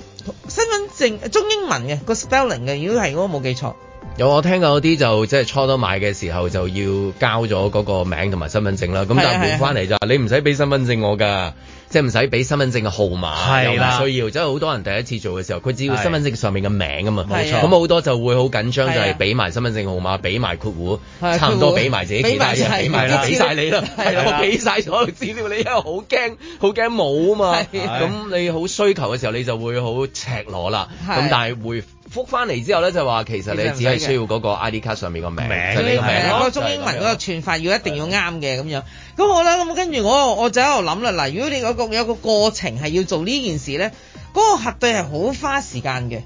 身份證、中英文嘅個 spelling 嘅，如果係我冇記錯。有我聽到啲就即係初初買嘅時候就要交咗嗰個名同埋身份證啦，咁但係換翻嚟就你唔使俾身份證我㗎。即係唔使俾身份證嘅號碼，又唔需要，即係好多人第一次做嘅時候，佢只要身份證上面嘅名啊嘛，冇錯。咁好多就會好緊張，就係俾埋身份證號碼，俾埋括弧，差唔多俾埋自己其他人俾埋啦，俾晒你啦，係啦，俾晒所有資料你，因為好驚，好驚冇啊嘛。咁你好需求嘅時候，你就會好赤裸啦。咁但係回覆翻嚟之後咧，就話其實你只係需要嗰個 ID 卡上面嘅名，嗰個中英文嗰個串法要一定要啱嘅咁樣。咁我咧，咁跟住我我就喺度諗啦，嗱如果你有個有個過程係要做呢件事呢，嗰個核對係好花時間嘅，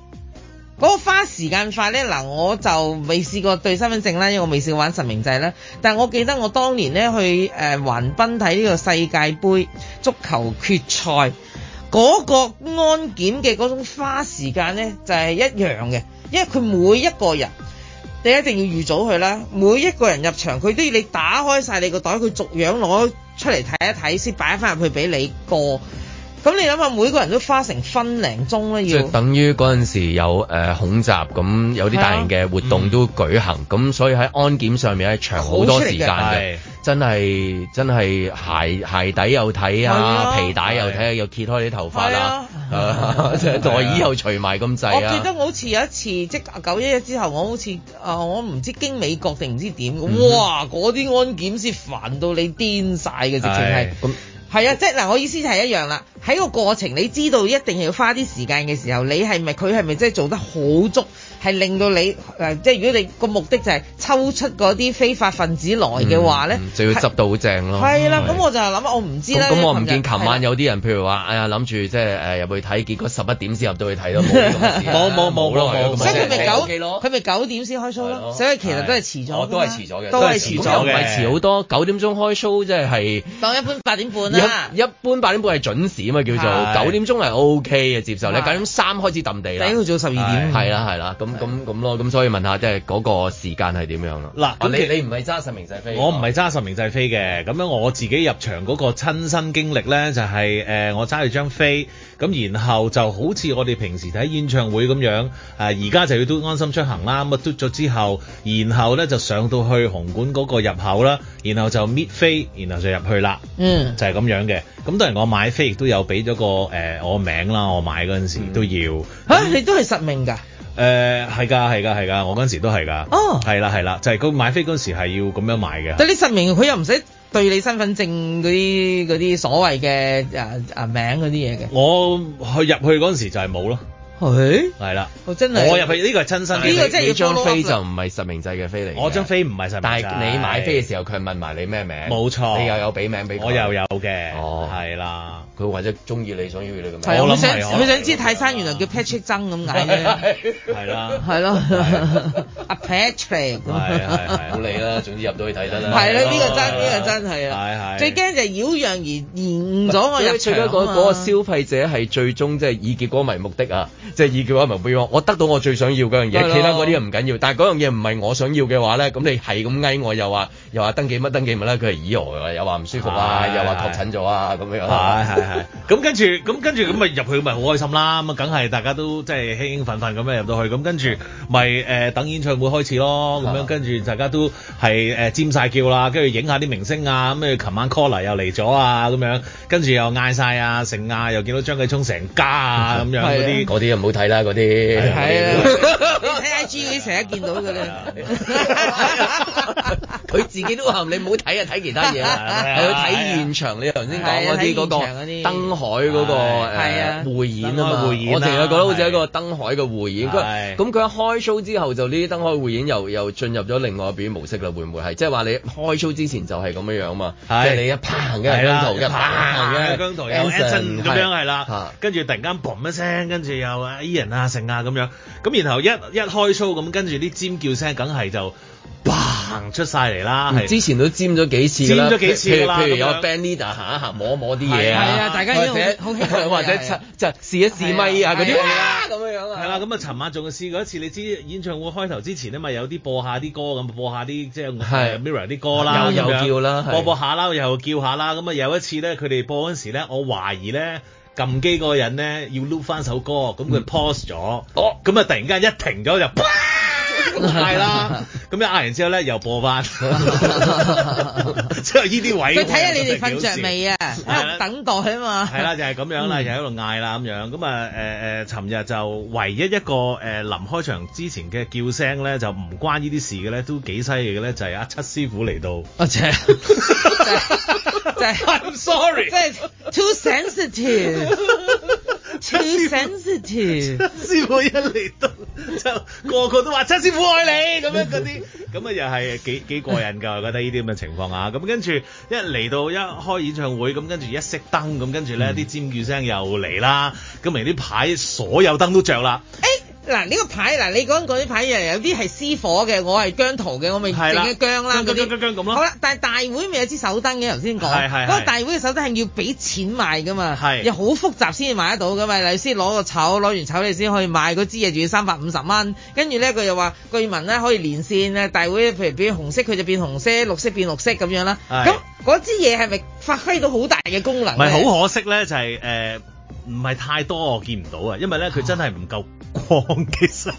嗰個花時間快呢，嗱我就未試過對身份證啦，因為我未試過玩實名制啦。但係我記得我當年呢，去誒橫濱睇呢個世界盃足球決賽，嗰個安檢嘅嗰種花時間呢，就係一樣嘅，因為佢每一個人。你一定要預早去啦！每一個人入場，佢都要你打開晒你個袋，佢逐樣攞出嚟睇一睇，先擺翻入去畀你過。咁你諗下每個人都花成分零鐘咧，要即等於嗰陣時有誒恐襲咁，有啲大型嘅活動都舉行，咁所以喺安檢上面咧長好多時間嘅，真係真係鞋鞋底又睇啊，皮帶又睇下，又揭開你啲頭髮啊，啊，袋耳又除埋咁滯啊！我記得好似有一次即九一一之後，我好似啊，我唔知經美國定唔知點，哇！嗰啲安檢先煩到你癲晒嘅，直情係。係 啊，即係嗱，我意思就係一樣啦。喺 個過程，你知道一定要花啲時間嘅時候，你係咪佢係咪真係做得好足？係令到你誒，即係如果你個目的就係抽出嗰啲非法分子來嘅話咧，就要執到好正咯。係啦，咁我就係諗，我唔知啦。咁我唔見琴晚有啲人，譬如話，哎呀，諗住即係誒入去睇，結果十一點先入到去睇到冇冇冇冇。所以佢咪九，佢咪九點先開 show 咯。所以其實都係遲咗。都係遲咗嘅。都係遲咗嘅。唔係遲好多，九點鐘開 show 即係係。當一般八點半啦。一般八點半係準時啊嘛，叫做九點鐘係 O K 嘅接受你九點三開始抌地啦。九點到到十二點。係啦，係啦，咁。咁咁咯，咁 所以問下，即係嗰個時間係點樣啦？嗱、啊，你你唔係揸實名制飛？我唔係揸實名制飛嘅。咁樣我自己入場嗰個親身經歷咧，就係、是、誒、呃、我揸住張飛，咁然後就好似我哋平時睇演唱會咁樣。誒而家就要嘟安心出行啦，咁嘟咗之後，然後咧就上到去紅館嗰個入口啦，然後就搣飛，然後就入去啦。嗯，就係咁樣嘅。咁當然我買飛亦都有俾咗個誒我名啦，我買嗰陣時都要嚇、嗯啊，你都係實名㗎？誒，係噶、呃，係噶，係噶。我陣時都係噶，哦，係啦，係啦，就係、是、佢買飛嗰陣時係要咁樣買嘅。但係你實名，佢又唔使對你身份證嗰啲嗰啲所謂嘅誒誒名嗰啲嘢嘅。我去入去嗰陣時就係冇咯。誒係啦，我真係我入去呢個係親身，呢個真係要張飛就唔係實名制嘅飛嚟。我張飛唔係實名，但係你買飛嘅時候佢問埋你咩名，冇錯。你又有俾名俾佢，我又有嘅。哦，係啦，佢或者中意你想要你咁，係佢想佢想知泰山原來叫 Patrick 曾咁解啫，係啦，係咯，阿 Patrick，係係係，冇理啦，總之入到去睇睇啦，係啦，呢個真，呢個真係啊，係係，最驚就係謠言而誤咗我入場啊嘛。所以嗰個消費者係最終即係以結果為目的啊。即係以叫開名標我得到我最想要嗰樣嘢，其他嗰啲唔緊要。但係嗰樣嘢唔係我想要嘅話咧，咁你係咁翳我又話又話登記乜登記乜啦，佢係意外又話唔舒服啊，又話確診咗啊咁樣。係係係。咁跟住咁跟住咁咪入去咪好開心啦。咁啊梗係大家都即係興興奮奮咁啊入到去。咁跟住咪誒等演唱會開始咯。咁樣跟住大家都係誒尖晒叫啦。跟住影下啲明星啊。咁啊琴晚 call 嚟又嚟咗啊。咁樣跟住又嗌晒啊成啊，又見到張繼聰成家啊咁樣啲啲。唔好睇啦嗰啲，係啊！你睇 I G 你成日見到佢啦。佢自己都話：你唔好睇啊，睇其他嘢啊！你睇現場，你頭先講嗰啲嗰個燈海嗰個誒匯演啊嘛匯演，我成日覺得好似一個燈海嘅匯演。咁佢一開 show 之後，就呢啲燈海匯演又又進入咗另外一表演模式啦，會唔會係？即係話你開 show 之前就係咁樣樣啊嘛，即係你一嘭嘅光圖一嘭嘅光圖一陣咁樣係啦，跟住突然間嘣一聲，跟住又。啲人啊，成啊咁樣，咁然後一一開騷咁，跟住啲尖叫聲梗係就嘭出晒嚟啦。之前都尖咗幾，幾次，尖咗幾次。譬如 band leader 行一行摸摸啲嘢啊。啊，大家 或者 或者嚐、啊、試一試咪啊嗰啲啊咁樣啊。係啦，咁啊，尋晚仲試過一次。你知演唱會開頭之前咧，咪有啲播下啲歌咁，播下啲即係 MIRROR 啲歌啦，又叫啦，播播下啦，又叫下啦。咁啊有一次咧，佢哋播嗰時咧，我懷疑咧。撳機嗰個人咧，要碌翻首歌，咁佢 pause 咗，咁啊、嗯哦、突然間一停咗就，係啦，咁 樣嗌完之後咧又播翻，即係呢啲位。佢睇下你哋瞓着未啊？等待啊嘛。係啦，就係、是、咁樣啦，就喺度嗌啦咁樣。咁啊誒誒，尋日就唯一一個誒臨、呃、開場之前嘅叫聲咧，就唔關呢啲事嘅咧，都幾犀利嘅咧，就係、是、阿七師傅嚟到。阿姐。就係，I'm sorry，即係 too sensitive，too sensitive 師。 七師傅一嚟到就個個都話：七師傅愛你咁樣嗰啲。咁啊又係幾幾過癮㗎，我覺得呢啲咁嘅情況啊，咁跟住一嚟到一開演唱會，咁跟住一熄燈，咁跟住咧啲尖叫聲又嚟啦，咁明啲牌所有燈都着啦。欸嗱，呢個牌嗱，你講嗰啲牌又有啲係私伙嘅，我係姜濤嘅，我咪整一姜啦。姜姜咁咯。好啦，但係大會咪有支手燈嘅，頭先講。係嗰是的 個大會嘅手燈係要俾錢買噶嘛，是的 又好複雜買先買得到噶嘛。你先攞個籌，攞完籌你先可以買嗰支嘢，仲要三百五十蚊。跟住咧佢又話，據聞咧可以連線啊大會，譬如變紅色佢就變紅色，綠色變綠色咁樣啦。係。咁嗰支嘢係咪發揮到好大嘅功能？咪好可惜咧，就係、是、誒。呃唔係太多，我見唔到啊，因為咧佢真係唔夠光，啊、其實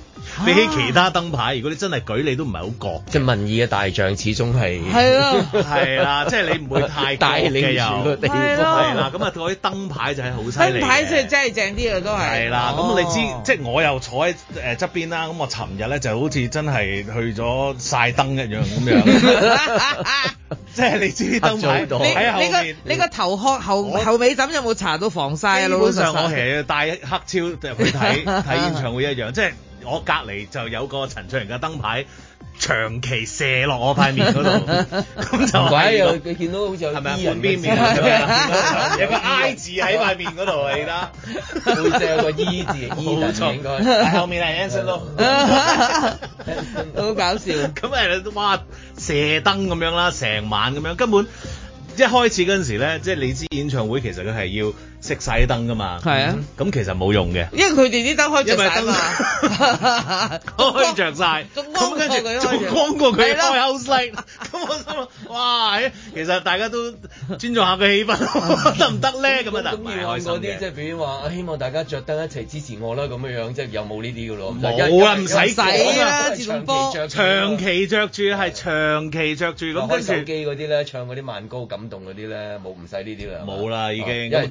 比起其他燈牌，如果你真係舉你都唔係好覺嘅。即民意嘅大將始終係係啊，係啦、啊，即係你唔會太覺嘅又係係啦，咁啊啲燈牌就係好犀利。燈牌先真係正啲啊都係。係啦，咁你知、哦、即係我又坐喺誒側邊啦，咁我尋日咧就好似真係去咗晒燈一樣咁樣。 即係你知燈組度，你你個你個頭殼後我後尾枕有冇搽到防曬啊？基本上我其實要帶黑超入去睇，睇演唱會一樣， 即係。我隔離就有個陳卓賢嘅燈牌長期射落我塊面嗰度，咁就係見到好似有個 I 字喺塊面嗰度，而家會射個 E 字，好重，但係後面係 Anson Lo，好搞笑。咁啊，哇，射燈咁樣啦，成晚咁樣，根本一開始嗰陣時咧，即係你知演唱會其實佢係要。熄晒啲燈㗎嘛，係啊，咁其實冇用嘅，因為佢哋啲燈開著曬嘛，開着晒，咁光過佢開 house light，咁我心諗，哇，其實大家都尊重下個氣氛，得唔得咧？咁啊，唔中意我啲，即係比如話希望大家着燈一齊支持我啦，咁樣樣即係有冇呢啲㗎咯？冇啊，唔使啊，接長期着住係長期着住，咁開手機嗰啲咧，唱嗰啲慢歌，感動嗰啲咧，冇唔使呢啲啦，冇啦，已經。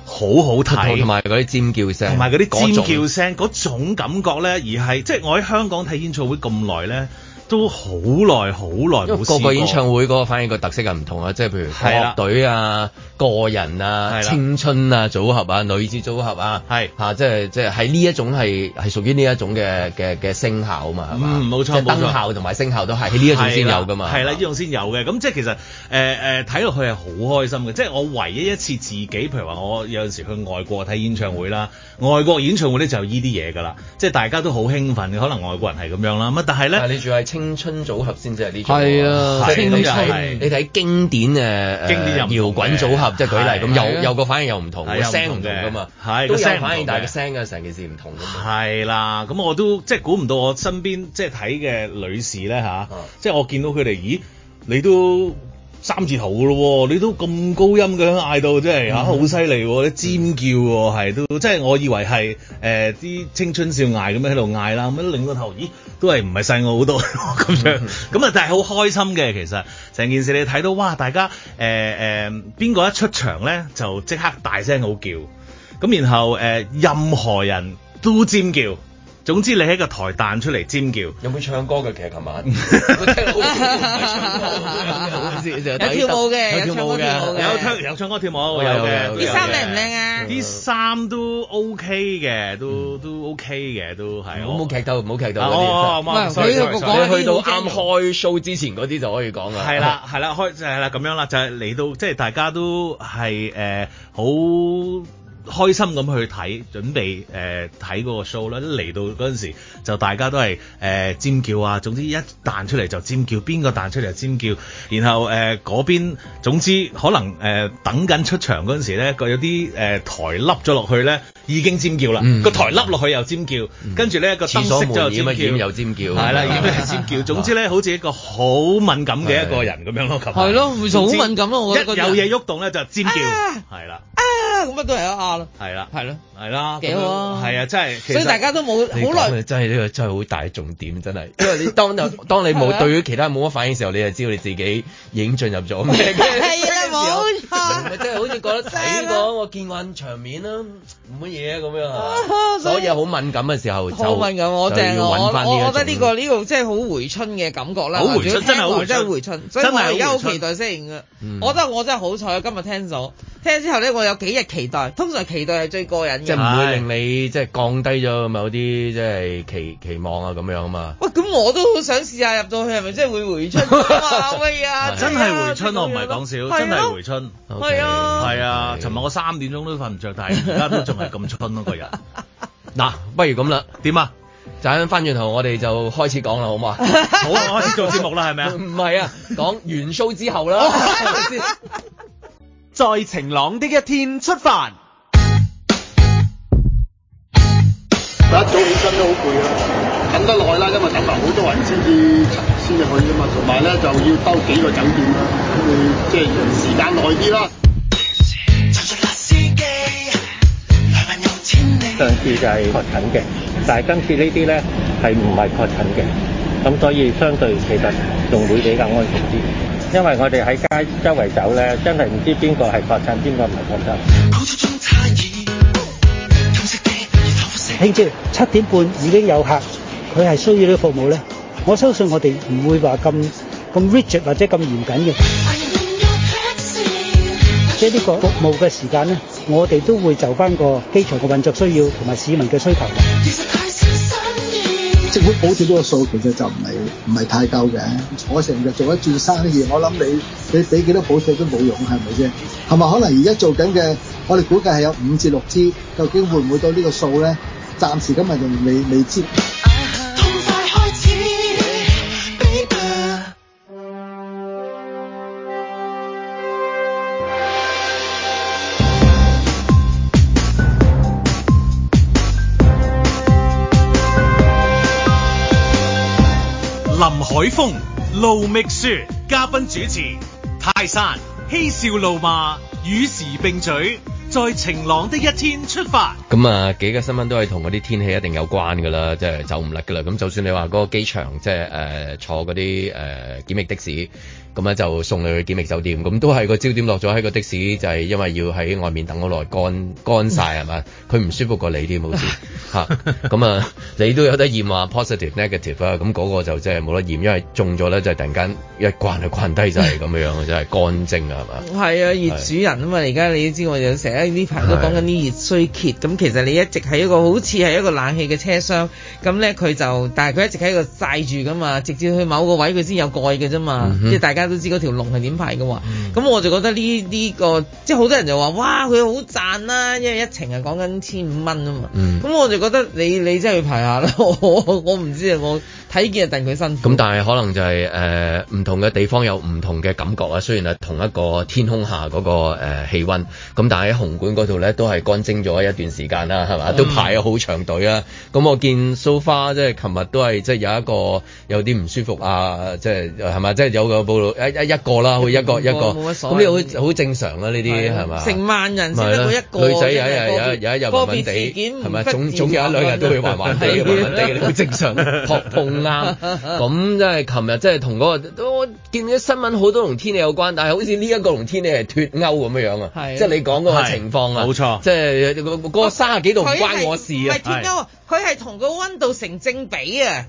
好好睇，同埋嗰啲尖叫聲，同埋嗰啲尖叫聲嗰種感覺咧，而係即係我喺香港睇演唱會咁耐咧。都好耐好耐冇。因為個個演唱會嗰個反映個特色又唔同啊，即係譬如樂隊啊、是的 個人啊、是的 青春啊、組合啊、女子組合啊，係嚇是的、啊，即係即係喺呢一種係係屬於呢一種嘅嘅嘅聲效啊嘛，係嘛？冇錯冇錯，燈效同埋聲效都係喺呢一種先有㗎嘛，係啦的，呢種先有嘅。咁即係其實誒誒睇落去係好開心嘅，即係我唯一一次自己譬如話我有陣時去外國睇演唱會啦，外國演唱會咧就呢啲嘢㗎啦，即係大家都好興奮，可能外國人係咁樣啦，乜但係咧？但係你住喺清。青春組合先至係呢種，係啊，青春。你睇經典誒，經典搖滾組合，即係舉例咁，有有個反應又唔同，個聲唔同㗎嘛，係，個聲反應大係聲啊，成件事唔同咁。係啦，咁我都即係估唔到，我身邊即係睇嘅女士咧吓，即係我見到佢哋，咦，你都～三字頭咯喎，你都咁高音咁樣嗌到，真係嚇好犀利喎，尖叫喎、啊，係都即係我以為係誒啲青春少艾咁樣喺度嗌啦，咁樣擰個頭，咦都係唔係細我好多咁樣，咁啊，但係好開心嘅其實，成件事你睇到哇，大家誒誒邊個一出場咧就即刻大聲好叫，咁然後誒、呃、任何人都尖叫。總之你喺個台彈出嚟尖叫。有冇唱歌嘅？其實琴晚。有跳舞嘅，有跳舞嘅，有唱有唱歌跳舞有嘅。啲衫靚唔靚啊？啲衫都 OK 嘅，都都 OK 嘅，都係。冇劇透，冇劇透嗰啲。唔好唔好，你去到啱開 show 之前嗰啲就可以講啦。係啦，係啦，開就係啦，咁樣啦，就係嚟到即係大家都係誒好。開心咁去睇，準備誒睇嗰個 show 啦。一嚟到嗰陣時，就大家都係誒、呃、尖叫啊，總之一彈出嚟就尖叫，邊個彈出嚟就尖叫。然後誒嗰邊總之可能誒、呃、等緊出場嗰陣時咧，佢有啲誒、呃、台凹咗落去咧。已經尖叫啦，個台凹落去又尖叫，跟住呢一個廁所又尖叫，又尖叫，係啦，尖叫。總之咧，好似一個好敏感嘅一個人咁樣咯，琴日係咯，好敏感咯，我覺得一有嘢喐動咧就尖叫，係啦，啊咁乜都係啊咯，係啦，係咯，係啦，幾好啊，係啊，真係，所以大家都冇好耐，真係呢個真係好大重點，真係，因為你當又當你冇對於其他冇乜反應嘅時候，你就知道你自己已經進入咗咩嘅，係啊，係好似覺得睇過我見慣場面啦，乜嘢。嘢啊咁樣所以好敏感嘅時候，好敏感，我正我，我覺得呢個呢個即係好回春嘅感覺啦。好回春，真係回春，真係所以我而家好期待，先。我覺得我真係好彩，今日聽咗，聽咗之後咧，我有幾日期待。通常期待係最過癮嘅，即唔會令你即係降低咗某啲即係期期望啊咁樣嘛。喂，咁我都好想試下入到去係咪真係會回春啊？真係回春，我唔係講笑，真係回春。係啊，係啊，尋日我三點鐘都瞓唔着，但係而家都仲係咁。唔春咯， 個人嗱、啊，不如咁啦，點啊？就喺翻轉頭，我哋就開始講啦，好嘛？ 好啊，開始做節目啦，係咪啊？唔係 啊，講元素之後啦。 在晴朗的一天出發。 啊、一早起身都好攰啊，等得耐啦，因為等埋好多人先至先至去啊嘛，同埋咧就要兜幾個酒店啦，咁你即係時間耐啲啦。上次就係確診嘅，但係今次呢啲咧係唔係確診嘅，咁所以相對其實仲會比較安全啲，因為我哋喺街周圍走咧，真係唔知邊個係確診，邊個唔係確診。你知七點半已經有客，佢係需要呢個服務咧。我相信我哋唔會話咁咁 rigid 或者咁嚴謹嘅。即係呢個服務嘅時間咧，我哋都會就翻個機場嘅運作需要同埋市民嘅需求。政府補貼呢個數其實就唔係唔係太夠嘅，坐成日做一轉生意，我諗你你俾幾多補貼都冇用，係咪先？係咪可能而家做緊嘅，我哋估計係有五至六支，究竟會唔會到個數呢個數咧？暫時今日就未未知。海風盧覓雪，嘉賓主持泰山嬉笑怒罵，與時並舉，在晴朗的一天出發。咁啊，幾個新聞都係同嗰啲天氣一定有關噶啦，即係走唔甩噶啦。咁就算你話嗰個機場，即係誒坐嗰啲誒檢疫的士，咁咧就送你去檢疫酒店，咁都係個焦點落咗喺個的士，就係因為要喺外面等好耐，乾乾曬，係嘛，佢唔 舒服過你啲，好似吓咁啊。嗯呃你都有得驗啊，positive negative 啊。咁、嗯、嗰、那個就真係冇得驗，因為中咗咧就係、是、突然間一關就關低曬咁樣， 真係乾淨啊，係嘛？係啊，熱主人啊嘛，而家你，你知都知我哋成日呢排都講緊啲熱衰竭，咁、啊、其實你一直係一個好似係一個冷氣嘅車廂，咁咧佢就，但係佢一直喺度曬住噶嘛，直至去某個位佢先有蓋嘅啫嘛，嗯、哼即係大家都知嗰條龍係點排噶喎，咁、嗯、我就覺得呢、這、呢個即係好多人就話哇佢好賺啦、啊，因為一程係講緊千五蚊啊嘛，咁、嗯、我就覺得你你真係要排。係啊， 我我我唔知啊，我。睇見戥佢辛苦。咁、嗯、但係可能就係誒唔同嘅地方有唔同嘅感覺啊。雖然係同一個天空下嗰、嗰個誒、呃、氣温，咁、嗯、但係喺紅館嗰度咧都係乾蒸咗一段時間啦，係嘛？都排咗好長隊啊。咁、嗯嗯嗯、我見蘇、so、far 即係琴日都係即係有一個有啲唔舒服啊，即係係咪？即係有個暴露一一一個啦，好一個一個。冇乜所謂。咁呢好好正常啦、啊，呢啲係嘛？對吧成萬人對 只一個女仔孩有，有，有一日有一日暈暈地，係嘛？總有一兩日都會暈暈地、暈暈地，好正常。撲啱，咁即係琴日即係同嗰個都見到新聞好多同天氣有關，但係好似呢一個同天氣係脫鉤咁樣樣是啊，即係你講嗰個情況啊，冇錯，即係嗰個三十幾度唔關我事啊，唔係脫鉤，佢係同個温度成正比啊。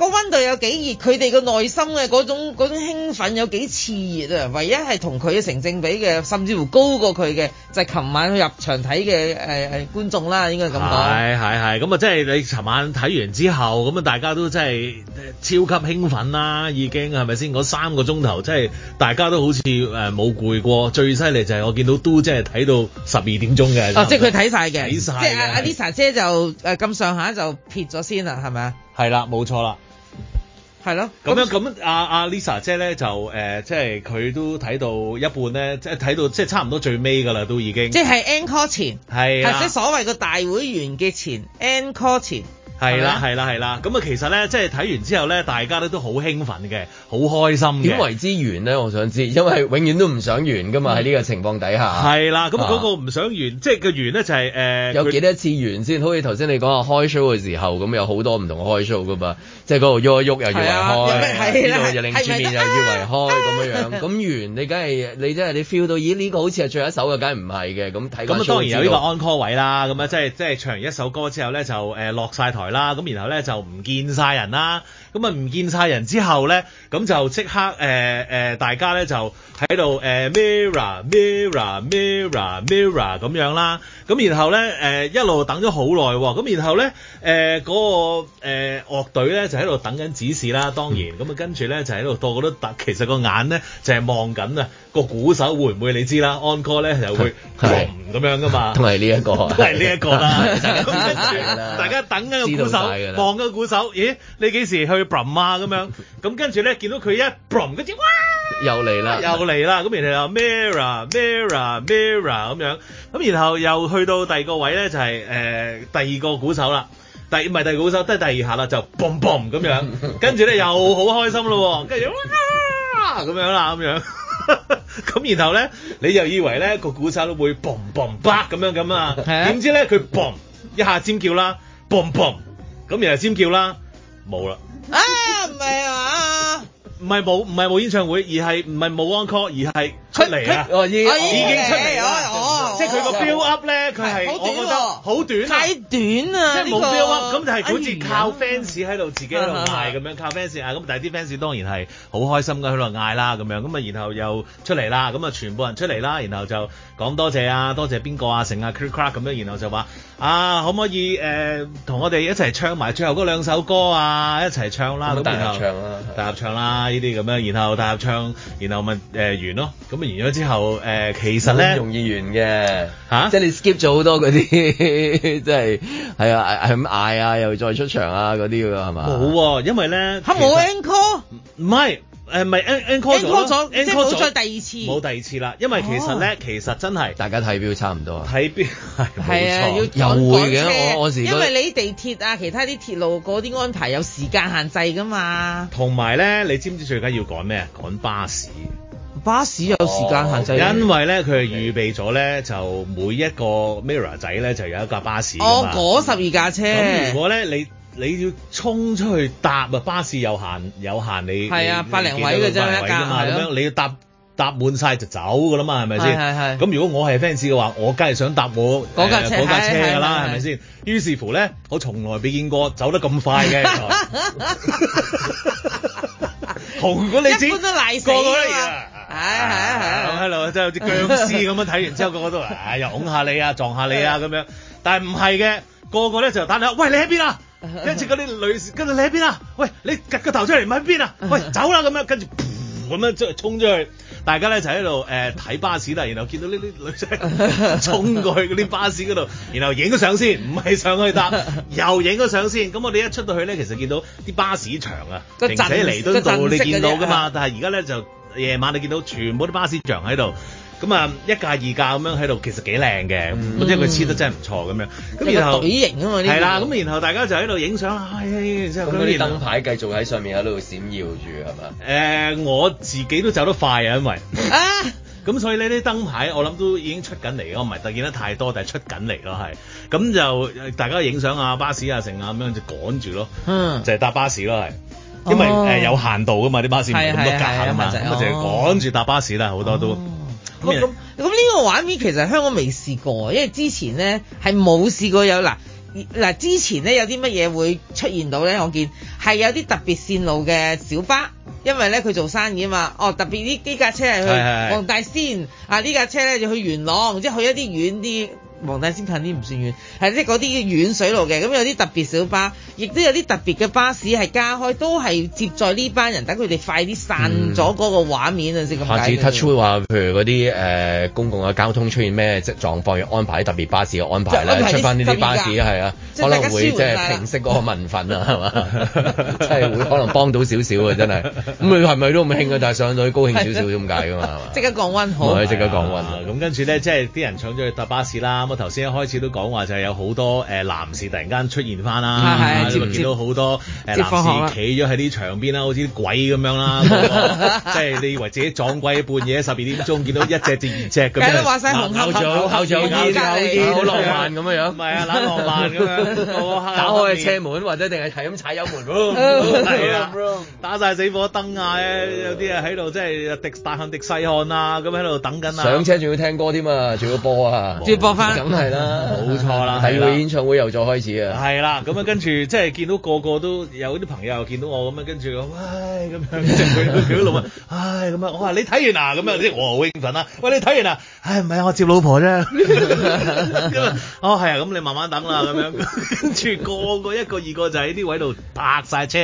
個溫度有幾熱，佢哋個內心嘅嗰種嗰種興奮有幾熾熱啊！唯一係同佢嘅成正比嘅，甚至乎高過佢嘅，就係、是、琴晚去入場睇嘅誒誒觀眾啦，應該咁講。係係係，咁啊，即係你琴晚睇完之後，咁啊，大家都真係超級興奮啦，已經係咪先？嗰三個鐘頭即係大家都好似誒冇攰過，最犀利就係我見到都真係睇到十二點鐘嘅。即係佢睇曬嘅，即係阿阿 Lisa 姐就誒咁上下就撇咗先啦，係咪啊？係啦，冇錯啦。係咯，咁樣咁樣樣啊。阿 Lisa 姐咧就誒、呃、即係佢都睇到一半咧，即係睇到即係差唔多最尾噶啦，都已經即係 encore 前，係啊的，即係所謂嘅大會完結前 encore 前。N call 前係啦，係啦，係啦。咁啊，其實咧，即係睇完之後咧，大家咧都好興奮嘅，好開心嘅。點為之完呢，我想知，因為永遠都唔想完噶嘛。喺呢個情況底下。係啦，咁啊嗰個唔想完，即係個完咧就係誒。有幾多次完先？好似頭先你講啊開 show 嘅時候咁，有好多唔同開 show 噶嘛。即係嗰度喐一喐又要為開，又另一面又要為開咁樣樣。咁完你梗係你真係你 feel 到，咦呢個好似係最後一首嘅，梗係唔係嘅咁睇。咁啊當然有個安歌位啦，咁啊即係即係唱完一首歌之後咧就誒落晒台。啦，咁然後咧就唔見晒人啦。咁啊唔見晒人之後咧，咁就即刻誒誒大家咧就喺度誒 mirror mirror mirror mirror 咁樣啦。咁然後咧誒一路等咗好耐喎。咁然後咧誒個誒樂隊咧就喺度等緊指示啦。當然咁啊，跟住咧就喺度個個都等。其實個眼咧就係望緊啊，個鼓手會唔會你知啦？安哥咧就會臨咁是樣噶嘛。都係呢一個 都係呢一個啦。 咁跟住大家等緊個鼓手，望緊個鼓手。咦？你幾時去？啊咁樣，咁跟住咧見到佢一 boom，跟住哇又嚟啦，又嚟啦，咁然後有 mirror，mirror，mirror 咁樣，咁然後又去到第二個位咧，就是，就係誒第二個鼓手啦，第唔係第二個鼓手都係第二下啦，就 boom boom 咁樣，跟住咧又好開心咯，跟住哇咁樣啦咁樣，咁然後咧你又以為咧個鼓手都會 boom boom b 咁樣咁啊，點知咧佢 boom 一下尖叫啦，boom boom 咁然後尖叫啦。冇啦！啊，唔係啊，唔係冇，唔係冇演唱會，而係唔係冇 encore，而係。出嚟啊！已經，oh, okay. 已經出嚟啊。Oh, oh, oh, oh, oh. 即係佢個 build up 咧，佢係、oh, oh. 我覺得好短、oh, oh. 太短啊！即係冇 build up，咁、這個、就係好似靠 fans 喺度自己喺度嗌咁樣，靠 fans 啊！咁但係啲 fans 當然係好開心㗎，喺度嗌啦咁樣，咁啊然後又出嚟啦，咁啊全部人出嚟啦，然後就講多謝，謝啊，多謝邊個啊，成啊，crack 咁樣，然後就話啊，可唔可以誒同、呃、我哋一齊唱埋最後嗰兩首歌啊，一齊唱啦咁啊！大合、嗯、唱啦，大合唱啦，呢啲咁樣，然後大合唱，然後咪誒完咯，咁完咗之後，誒其實咧容易完嘅，嚇，即係你 skip 咗好多嗰啲，即係係啊，係咁嗌啊，又再出場啊嗰啲噶係嘛？冇喎，因為咧冇我 encore，唔係誒，唔係 encore，encore 咗，即係冇再第二次，冇第二次啦，因為其實咧，其實真係大家睇表差唔多啊，睇表係冇錯，又會嘅，我我因為你地鐵啊，其他啲鐵路嗰啲安排有時間限制噶嘛，同埋咧，你知唔知最緊要趕咩啊？趕巴士。巴士有時間限制，因為咧佢係預備咗咧，就每一個 Mirror 仔咧就有一架巴士。哦，嗰十二架車。咁如果咧你你要衝出去搭啊，巴士有限有限，你係啊百零位嘅啫，一間。咁樣你要搭搭滿晒就走㗎啦嘛，係咪先？係係。咁如果我係 fans 嘅話，我梗係想搭我嗰架車㗎啦，係咪先？於是乎咧，我從來未見過走得咁快嘅。一般都賴係係係，喺度真係好似僵屍咁樣睇 完之後，個個都話，唉，又擁下你啊，撞下你啊咁樣。但係唔係嘅，個個咧就打你，喂，你喺邊啊？跟住嗰啲女士，跟住你喺邊啊？喂，你趷個頭出嚟，咪喺邊啊？喂，走啦、啊、咁樣，跟住咁樣衝衝出去，大家咧就喺度誒睇巴士啦。然後見到呢啲女仔衝過去嗰啲巴士嗰度，然後影咗相先，唔係上去搭，又影咗相先。咁我哋一出到去咧，其實見到啲巴士場啊，停喺彌敦道你見到㗎嘛，嗯、但係而家咧就。夜晚你見到全部啲巴士像喺度，咁啊一架二架咁樣喺度，其實幾靚嘅，即係佢黐得真係唔錯咁樣。咁、嗯、然後，即係幾型啊嘛呢啲。係啦，咁然後大家就喺度影相啦，咁嗰啲燈牌繼續喺上面喺度閃耀住係嘛？誒、呃，我自己都走得快啊，因為啊，咁 所以呢啲燈牌我諗都已經出緊嚟咯，唔係特見得太多，但係出緊嚟咯，係。咁就大家影相啊，巴士啊，成啊咁樣就趕住咯，就係搭巴士咯，係。 因為誒、哦呃、有限度噶嘛，啲巴士冇咁多架嘛，嘛就要趕住搭巴士啦。好多都咁咁，呢個畫面其實香港未試過，因為之前咧係冇試過有嗱嗱，之前咧有啲乜嘢會出現到咧？我見係有啲特別線路嘅小巴，因為咧佢做生意啊嘛。哦，特別呢，呢架車係去黃、嗯、大仙啊，呢的架車咧就去元朗，即係去一啲遠啲。黃大仙近啲唔算遠，係即係嗰啲遠水路嘅，咁有啲特別小巴，亦都有啲特別嘅巴士係加開，都係接載呢班人，等佢哋快啲散咗嗰個畫面。下次 touch wood 話，譬如嗰啲誒公共嘅交通出現咩即係狀況，要安排特別巴士嘅安排，出翻呢啲巴士係啊，可能會即係平息嗰個民憤啊，係嘛？即係會可能幫到少少啊，真係，咁佢係咪都咁興啊？但係上到去高興少少咁解㗎嘛，即刻降溫好。係即刻降溫啊！咁跟住咧，即係啲人搶咗去搭巴士啦。我頭先一開始都講話就係有好多誒男士突然間出現翻啦，見到好多誒男士企咗喺啲牆邊啦，好似啲鬼咁樣啦，即係你以為自己撞鬼，半夜十二點鐘見到一隻定二隻咁樣，後早後早後早好浪漫咁樣，唔係啊，冷浪漫咁樣，打開車門或者定係係咁踩油門，打晒死火燈啊！有啲啊喺度即係滴大汗滴細汗啊，咁喺度等緊啊！上車仲要聽歌添啊，仲要播啊，即播翻。咁係啦，冇、嗯、錯啦，睇個演唱會又再開始啊！係啦，咁啊 跟住即係見到個個都有啲朋友又見到我咁樣，跟住喂，咁、哎、樣，佢佢佢啲老啊。」唉咁啊！我話你睇完啊咁樣，即係我好興奮啦！喂，你睇完啊？唉、哎，唔係啊，我接老婆啫。咁啊 哦，係啊，咁你慢慢等啦咁樣。跟住個個一個二個,個就喺啲位度拍晒車，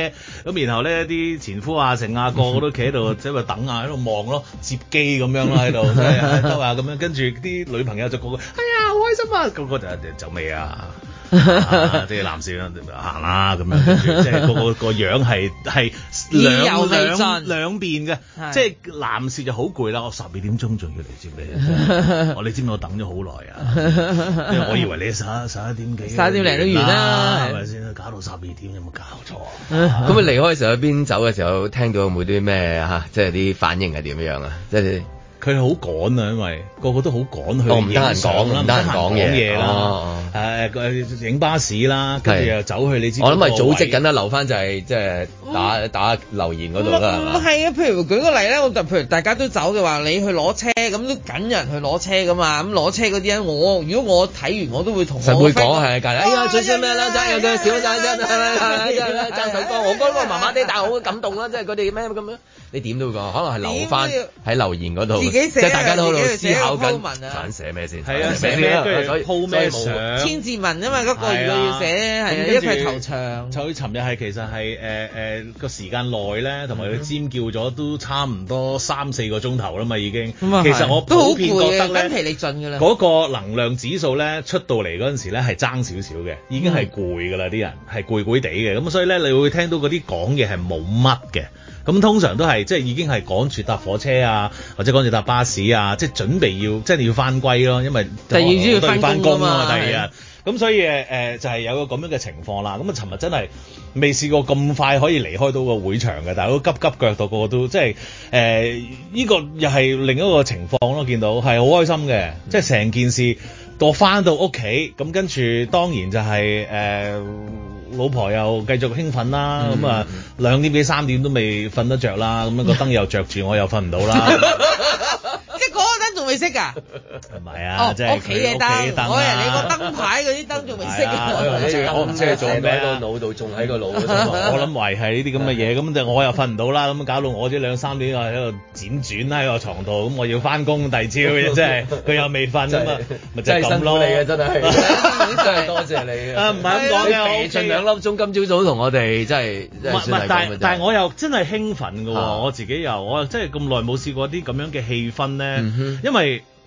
咁然後咧啲前夫啊成啊個個都企喺度即係等啊喺度望咯，接機咁樣啦喺度，真係得啊咁樣。跟住啲女朋友就個個哎呀,哎呀 開心啊！個個就、啊就、啊、就走未啊！啲男士行啦咁樣，即係個個個樣係係兩兩兩邊嘅，即係男士就好攰啦。我十二點鐘仲要嚟接你，我你知唔知我等咗好耐啊？我以為你十一十一點幾、十一點零都完啦，係咪先？搞到十二點有冇搞錯？咁你離開時候邊走嘅時候聽到有冇啲咩嚇？即係啲反應係點樣啊？即係。佢好趕啊，因為個個都好趕去影講啦，唔得閒講嘢啦，係佢影巴士啦，跟住又走去，你知我諗咪組織緊啦，留翻就係即係打打留言嗰度啦，係啊，譬如舉個例咧，我就譬如大家都走嘅話，你去攞車咁都緊人去攞車噶嘛，咁攞車嗰啲人，我如果我睇完我都會同實會講係隔籬。哎呀，最衰咩啦？真係佢少真真真真真真真首歌，我歌都麻麻地，但係好感動啦，即係佢哋咩咁樣。你點都會講，可能係留翻喺留言嗰度，即係大家都喺度思考緊，揀寫咩先，寫咩跟住鋪咩，千字文，因為嗰個要要寫，係一塊頭長。所以尋日係其實係誒誒個時間內咧，同埋佢尖叫咗都差唔多三四個鐘頭啦嘛，已經。其實我普遍覺得咧都好攰，筋疲力盡㗎啦，嗰個能量指數咧出到嚟嗰陣時咧係爭少少嘅，已經係攰㗎啦，啲人係攰攰地嘅。咁所以咧，你會聽到嗰啲講嘢係冇乜嘅。咁通常都係即係已經係趕住搭火車啊，或者趕住搭巴士啊，即係準備要即係要返歸咯，因為第二朝要返工啊嘛，第二日，咁的所以誒誒、呃、就係、是、有個咁樣嘅情況啦。咁、嗯、啊，尋日真係未試過咁快可以離開到個會場嘅，但係都急急腳到個個都即係誒呢個又係另一個情況咯。見到係好開心嘅，嗯、即係成件事到我返到屋企咁跟住當然就係、是、誒。呃老婆又繼續興奮啦，咁啊、嗯、就兩點幾三點都未瞓得着啦，咁樣、嗯、個燈又着住，我又瞓唔到啦。 未熄㗎，係咪 啊？哦，屋企嘅燈，燈啊、我係你個燈牌嗰啲燈仲未熄、啊。 未識我唔知係做咩、啊，個腦度仲喺個腦度。我諗係係呢啲咁嘅嘢。咁 就我又瞓唔到啦。咁搞到我呢兩三點喺度輾轉喺個床度。咁我要返工。第二朝即係佢又未瞓啊嘛，真係、啊、 辛苦你嘅真係，真係多 謝、謝你 啊！唔係咁講嘅， 你盡兩粒鐘。今朝早同我哋真係，唔係，但但係我又真係興奮嘅喎、哦。我自己又我又真係咁耐冇試過啲咁樣嘅氣氛咧，因為。因為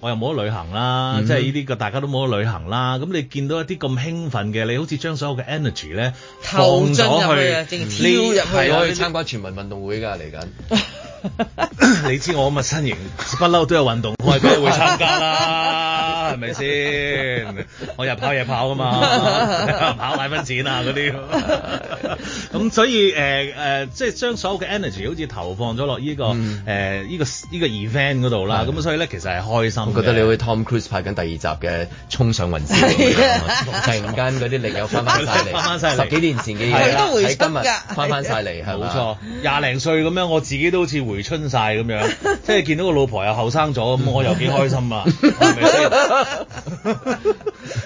我又冇得旅行啦，即係依啲嘅大家都冇得旅行啦。咁你見到一啲咁興奮嘅，你好似將所有嘅 energy 咧放咗去，跳入去。呢係我去參加全民運動會㗎，嚟緊。 你知我咁嘅身形，不嬲都有運動，我係梗係會參加啦，係咪先？ 我日跑夜跑㗎嘛，跑奶粉錢啊嗰啲。咁 所以誒誒、呃呃，即係將所有嘅 energy 好似投放咗落呢個誒依、嗯呃呢個依、呢個 event 嗰度啦。咁對 所以咧，其實係開心。我覺得你去 Tom Cruise 拍緊第二集嘅《衝上雲霄，》 突、嗯、然間嗰啲力有翻翻晒嚟，翻曬嚟，十幾年前嘅嘢喺今日翻翻晒嚟，係冇 錯，廿零歲咁樣，我自己都好似。回 春晒咁樣，即係見到個老婆又後生咗咁，我又幾開心啊，係咪先？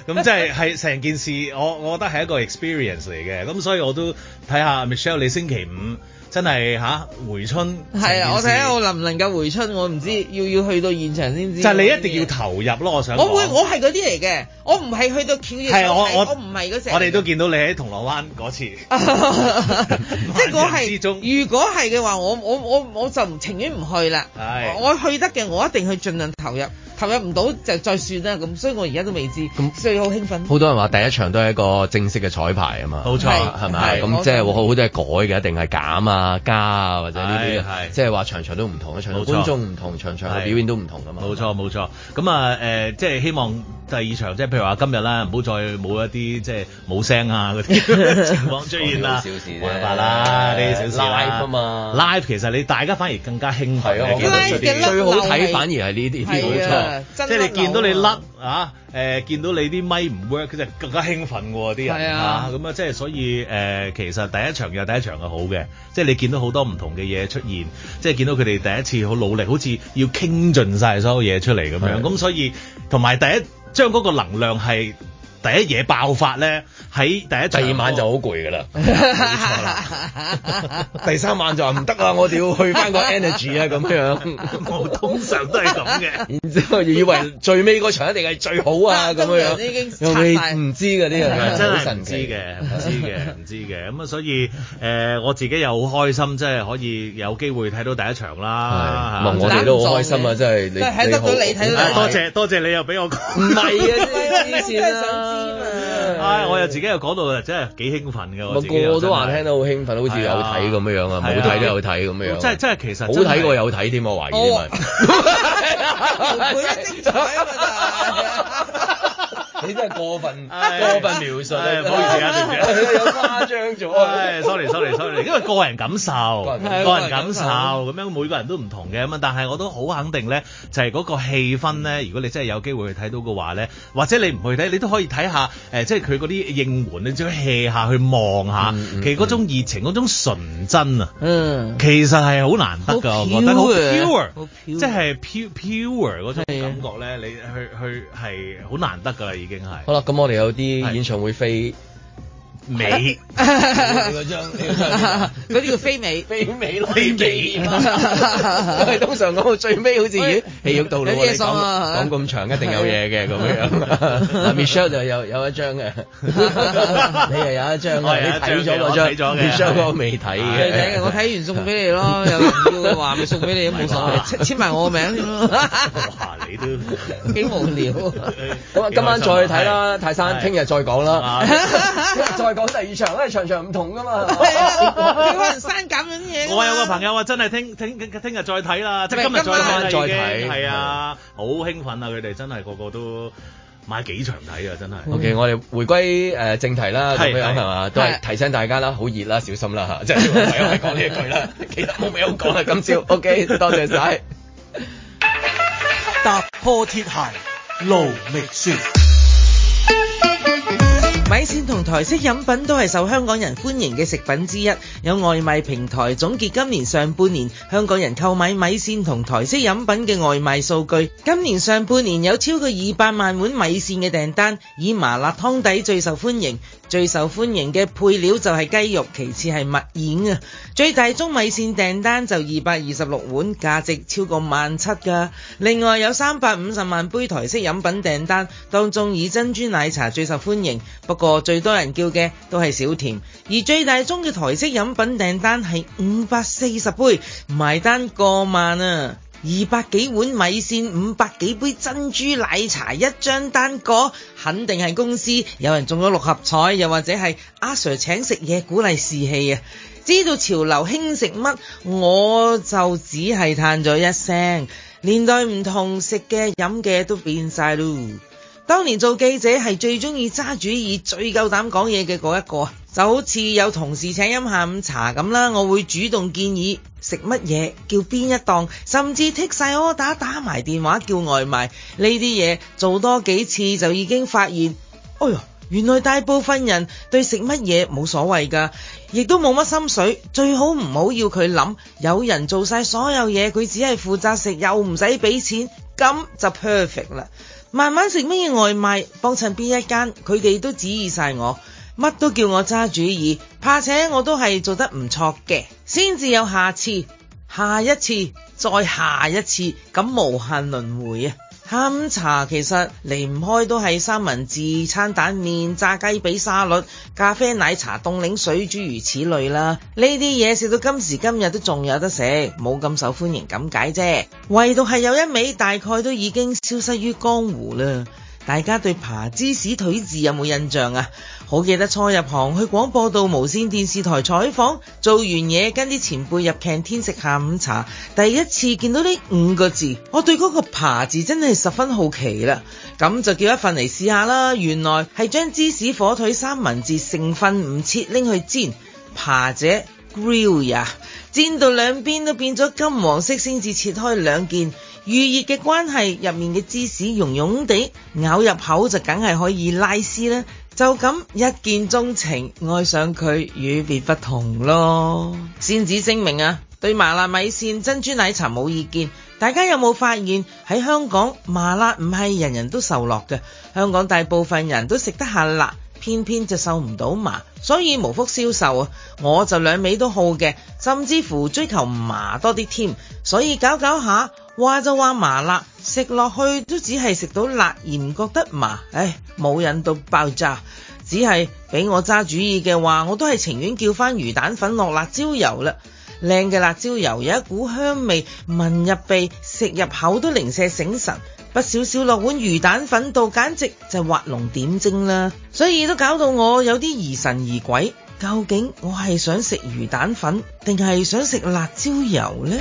咁即係係成件事，我我覺得係一個 experience 嚟嘅。咁、嗯、所以我都睇下 Michelle 你星期五。真係吓，回春，係啊！我睇下我能唔能夠回春，我唔知要、嗯、要去到現場先知。就係你一定要投入咯，我想。我會，我係嗰啲嚟嘅，我唔係去到橋我我唔係嗰隻。我哋我都見到你喺銅鑼灣嗰次。即係我係，如果係嘅話，我我我我就唔情願唔去啦。係是，我去得嘅，我一定去盡量投入。投入唔到就再算啦，咁所以我而家都未知，咁所以好興奮。好多人話第一場都係一個正式嘅彩排啊嘛，冇錯係咪？咁即係好好多都係改嘅，一定係減啊、加啊，或者呢啲，即係話場場都唔同嘅場，觀眾唔同，場場嘅表演都唔同噶嘛。冇錯冇錯，咁啊誒，即係希望第二場即係譬如話今日啦，唔好再冇一啲即係冇聲啊嗰啲情況出現啦。小事啦，冇辦法啦，呢啲小事 Live 啊嘛，Live 其實你大家反而更加興奮，我覺得最最好睇反而係呢啲。 啊、即係你，到你、啊呃、見到你甩嚇，誒見到你啲咪唔 work，佢就更加興奮喎啲人，嚇咁是啊，啊！即係所以誒、呃，其實第一場又第一場係好嘅，即係你見到好多唔同嘅嘢出現，即係見到佢哋第一次好努力，好似要傾盡晒所有嘢出嚟咁樣，咁是的 所以同埋第一將嗰個能量係。第一夜爆發咧，喺第一、第二晚就好攰噶啦，啦。第三晚就話唔得啊，我哋要去翻個 energy 啊，咁樣。我通常都係咁嘅。然之後以為最尾嗰場一定係最好啊，咁樣樣已經唔知㗎呢樣嘢，真係唔知嘅，唔知嘅，唔知嘅。咁啊，所以誒，我自己又好開心，真係可以有機會睇到第一場啦。我哋都好開心啊！真係你，睇到，你睇到。多謝多謝你又俾我講。唔係嘅，真啦～唉，我又自己又講到，真又真係幾興奮嘅。我個個都話聽得好興奮，好似有睇咁樣啊，冇睇都有睇咁樣。啊、即係是即係其實好睇過有睇添，我懷疑。哈哈 你真係過分，過分描述，唔好意思啊，小姐，有誇張咗。唉，sorry，sorry，sorry，因為個人感受，個人感受咁樣，每個人都唔同嘅咁啊。但係我都好肯定咧，就係嗰個氣氛咧。如果你真係有機會去睇到嘅話咧，或者你唔去睇，你都可以睇下誒，即係佢嗰啲應援，你再 hea 下去望下，其實嗰種熱情、嗰種純真啊，其實係好難得㗎，我覺得好 pure，好 pure，即係 pure pure 嗰種感覺咧，你去去係好難得㗎啦，已經。好啦，咁我哋有啲演唱會飛。美，嗰張，嗰啲叫飛美，飛美咯，飛尾。我係通常講到最尾好似戲肉道路，你講咁長一定有嘢嘅咁樣。Michelle 就有有一張嘅，你又有一張，我睇咗嗰張，Michelle 嗰個未睇嘅。我睇完送俾你咯，又話咪送俾你都冇所謂，簽埋我個名你都幾無聊。咁啊，今晚再睇啦，泰山，聽日再講啦，聽日再。講第二場都係場場唔同噶嘛，點解唔生咁樣嘢？我有個朋友啊，真係聽聽聽日再睇啦，即係今日再再睇，係啊，好興奮啊！佢哋真係個個都買幾場睇啊，真係。OK，我哋回歸誒正題啦，咁樣係嘛，都係提醒大家啦，好熱啦，小心啦嚇，即係唯有係講呢一句啦，其實冇咩好講啦，今朝 OK，多謝晒。踏破鐵鞋路未説。米線同台式飲品都係受香港人歡迎嘅食品之一。有外賣平台總結今年上半年香港人購買米線同台式飲品嘅外賣數據。今年上半年有超過二百萬碗米線嘅訂單，以麻辣湯底最受歡迎。最受歡迎嘅配料就係雞肉，其次係墨丸。啊。最大宗米線訂單就二百二十六碗，價值超過萬七㗎。另外有三百五十萬杯台式飲品訂單，當中以珍珠奶茶最受歡迎。不過。最多人叫嘅都係小甜，而最大宗嘅台式飲品訂單係五百四十杯，埋單過萬啊！二百幾碗米線，五百幾杯珍珠奶茶，一張單過，肯定係公司有人中咗六合彩，又或者係阿 Sir 請食嘢鼓勵士氣啊！知道潮流興食乜，我就只係嘆咗一聲，年代唔同，食嘅飲嘅都變晒咯。當年做記者係最中意揸主意、最夠膽講嘢嘅嗰一個，就好似有同事請飲下午茶咁啦，我會主動建議食乜嘢、叫邊一檔，甚至剔晒 order 打埋電話叫外賣呢啲嘢，做多幾次就已經發現，哎喲，原來大部分人對食乜嘢冇所謂噶，亦都冇乜心水，最好唔好要佢諗，有人做晒所有嘢，佢只係負責食，又唔使俾錢，咁就 perfect 啦。慢慢食乜嘢外賣幫襯邊一間，佢哋都指意曬我，乜都叫我揸主意，怕且我都係做得唔錯嘅，先至有下次，下一次，再下一次，咁無限輪回啊！下午茶其實離唔開都係三文治、餐蛋麵、炸雞髀、沙律、咖啡、奶茶、凍檸水諸如此類啦。呢啲嘢食到今時今日都仲有得食，冇咁受歡迎咁解啫。唯獨係有一味大概都已經消失於江湖啦。大家對扒芝士腿字有冇印象啊？好記得初入行去廣播道無線電視台採訪，做完嘢跟啲前輩入 canteen 食下午茶，第一次見到呢五個字，我對嗰個扒字真係十分好奇啦。咁就叫一份嚟試下啦。原來係將芝士火腿三文治成分唔切，拎去煎扒者 grill 呀，煎到兩邊都變咗金黃色先至切開兩件，預熱嘅關係，入面嘅芝士融融地，咬入口就梗係可以拉絲啦，就咁一見鍾情，愛上佢與別不同咯。先至聲明啊，對麻辣米線、珍珠奶茶冇意見。大家有冇發現喺香港麻辣唔係人人都受落嘅？香港大部分人都食得下辣。偏偏就受唔到麻，所以無福消受啊！我就兩味都好嘅，甚至乎追求麻多啲添，所以搞搞下話就話麻辣，食落去都只係食到辣而唔覺得麻，唉，冇癮到爆炸。只係俾我揸主意嘅話，我都係情願叫翻魚蛋粉落辣椒油啦。靚嘅辣椒油有一股香味，聞入鼻，食入口都零舍醒神。不少少落碗魚蛋粉度，簡直就畫龍點睛啦！所以都搞到我有啲疑神疑鬼，究竟我係想食魚蛋粉定係想食辣椒油呢？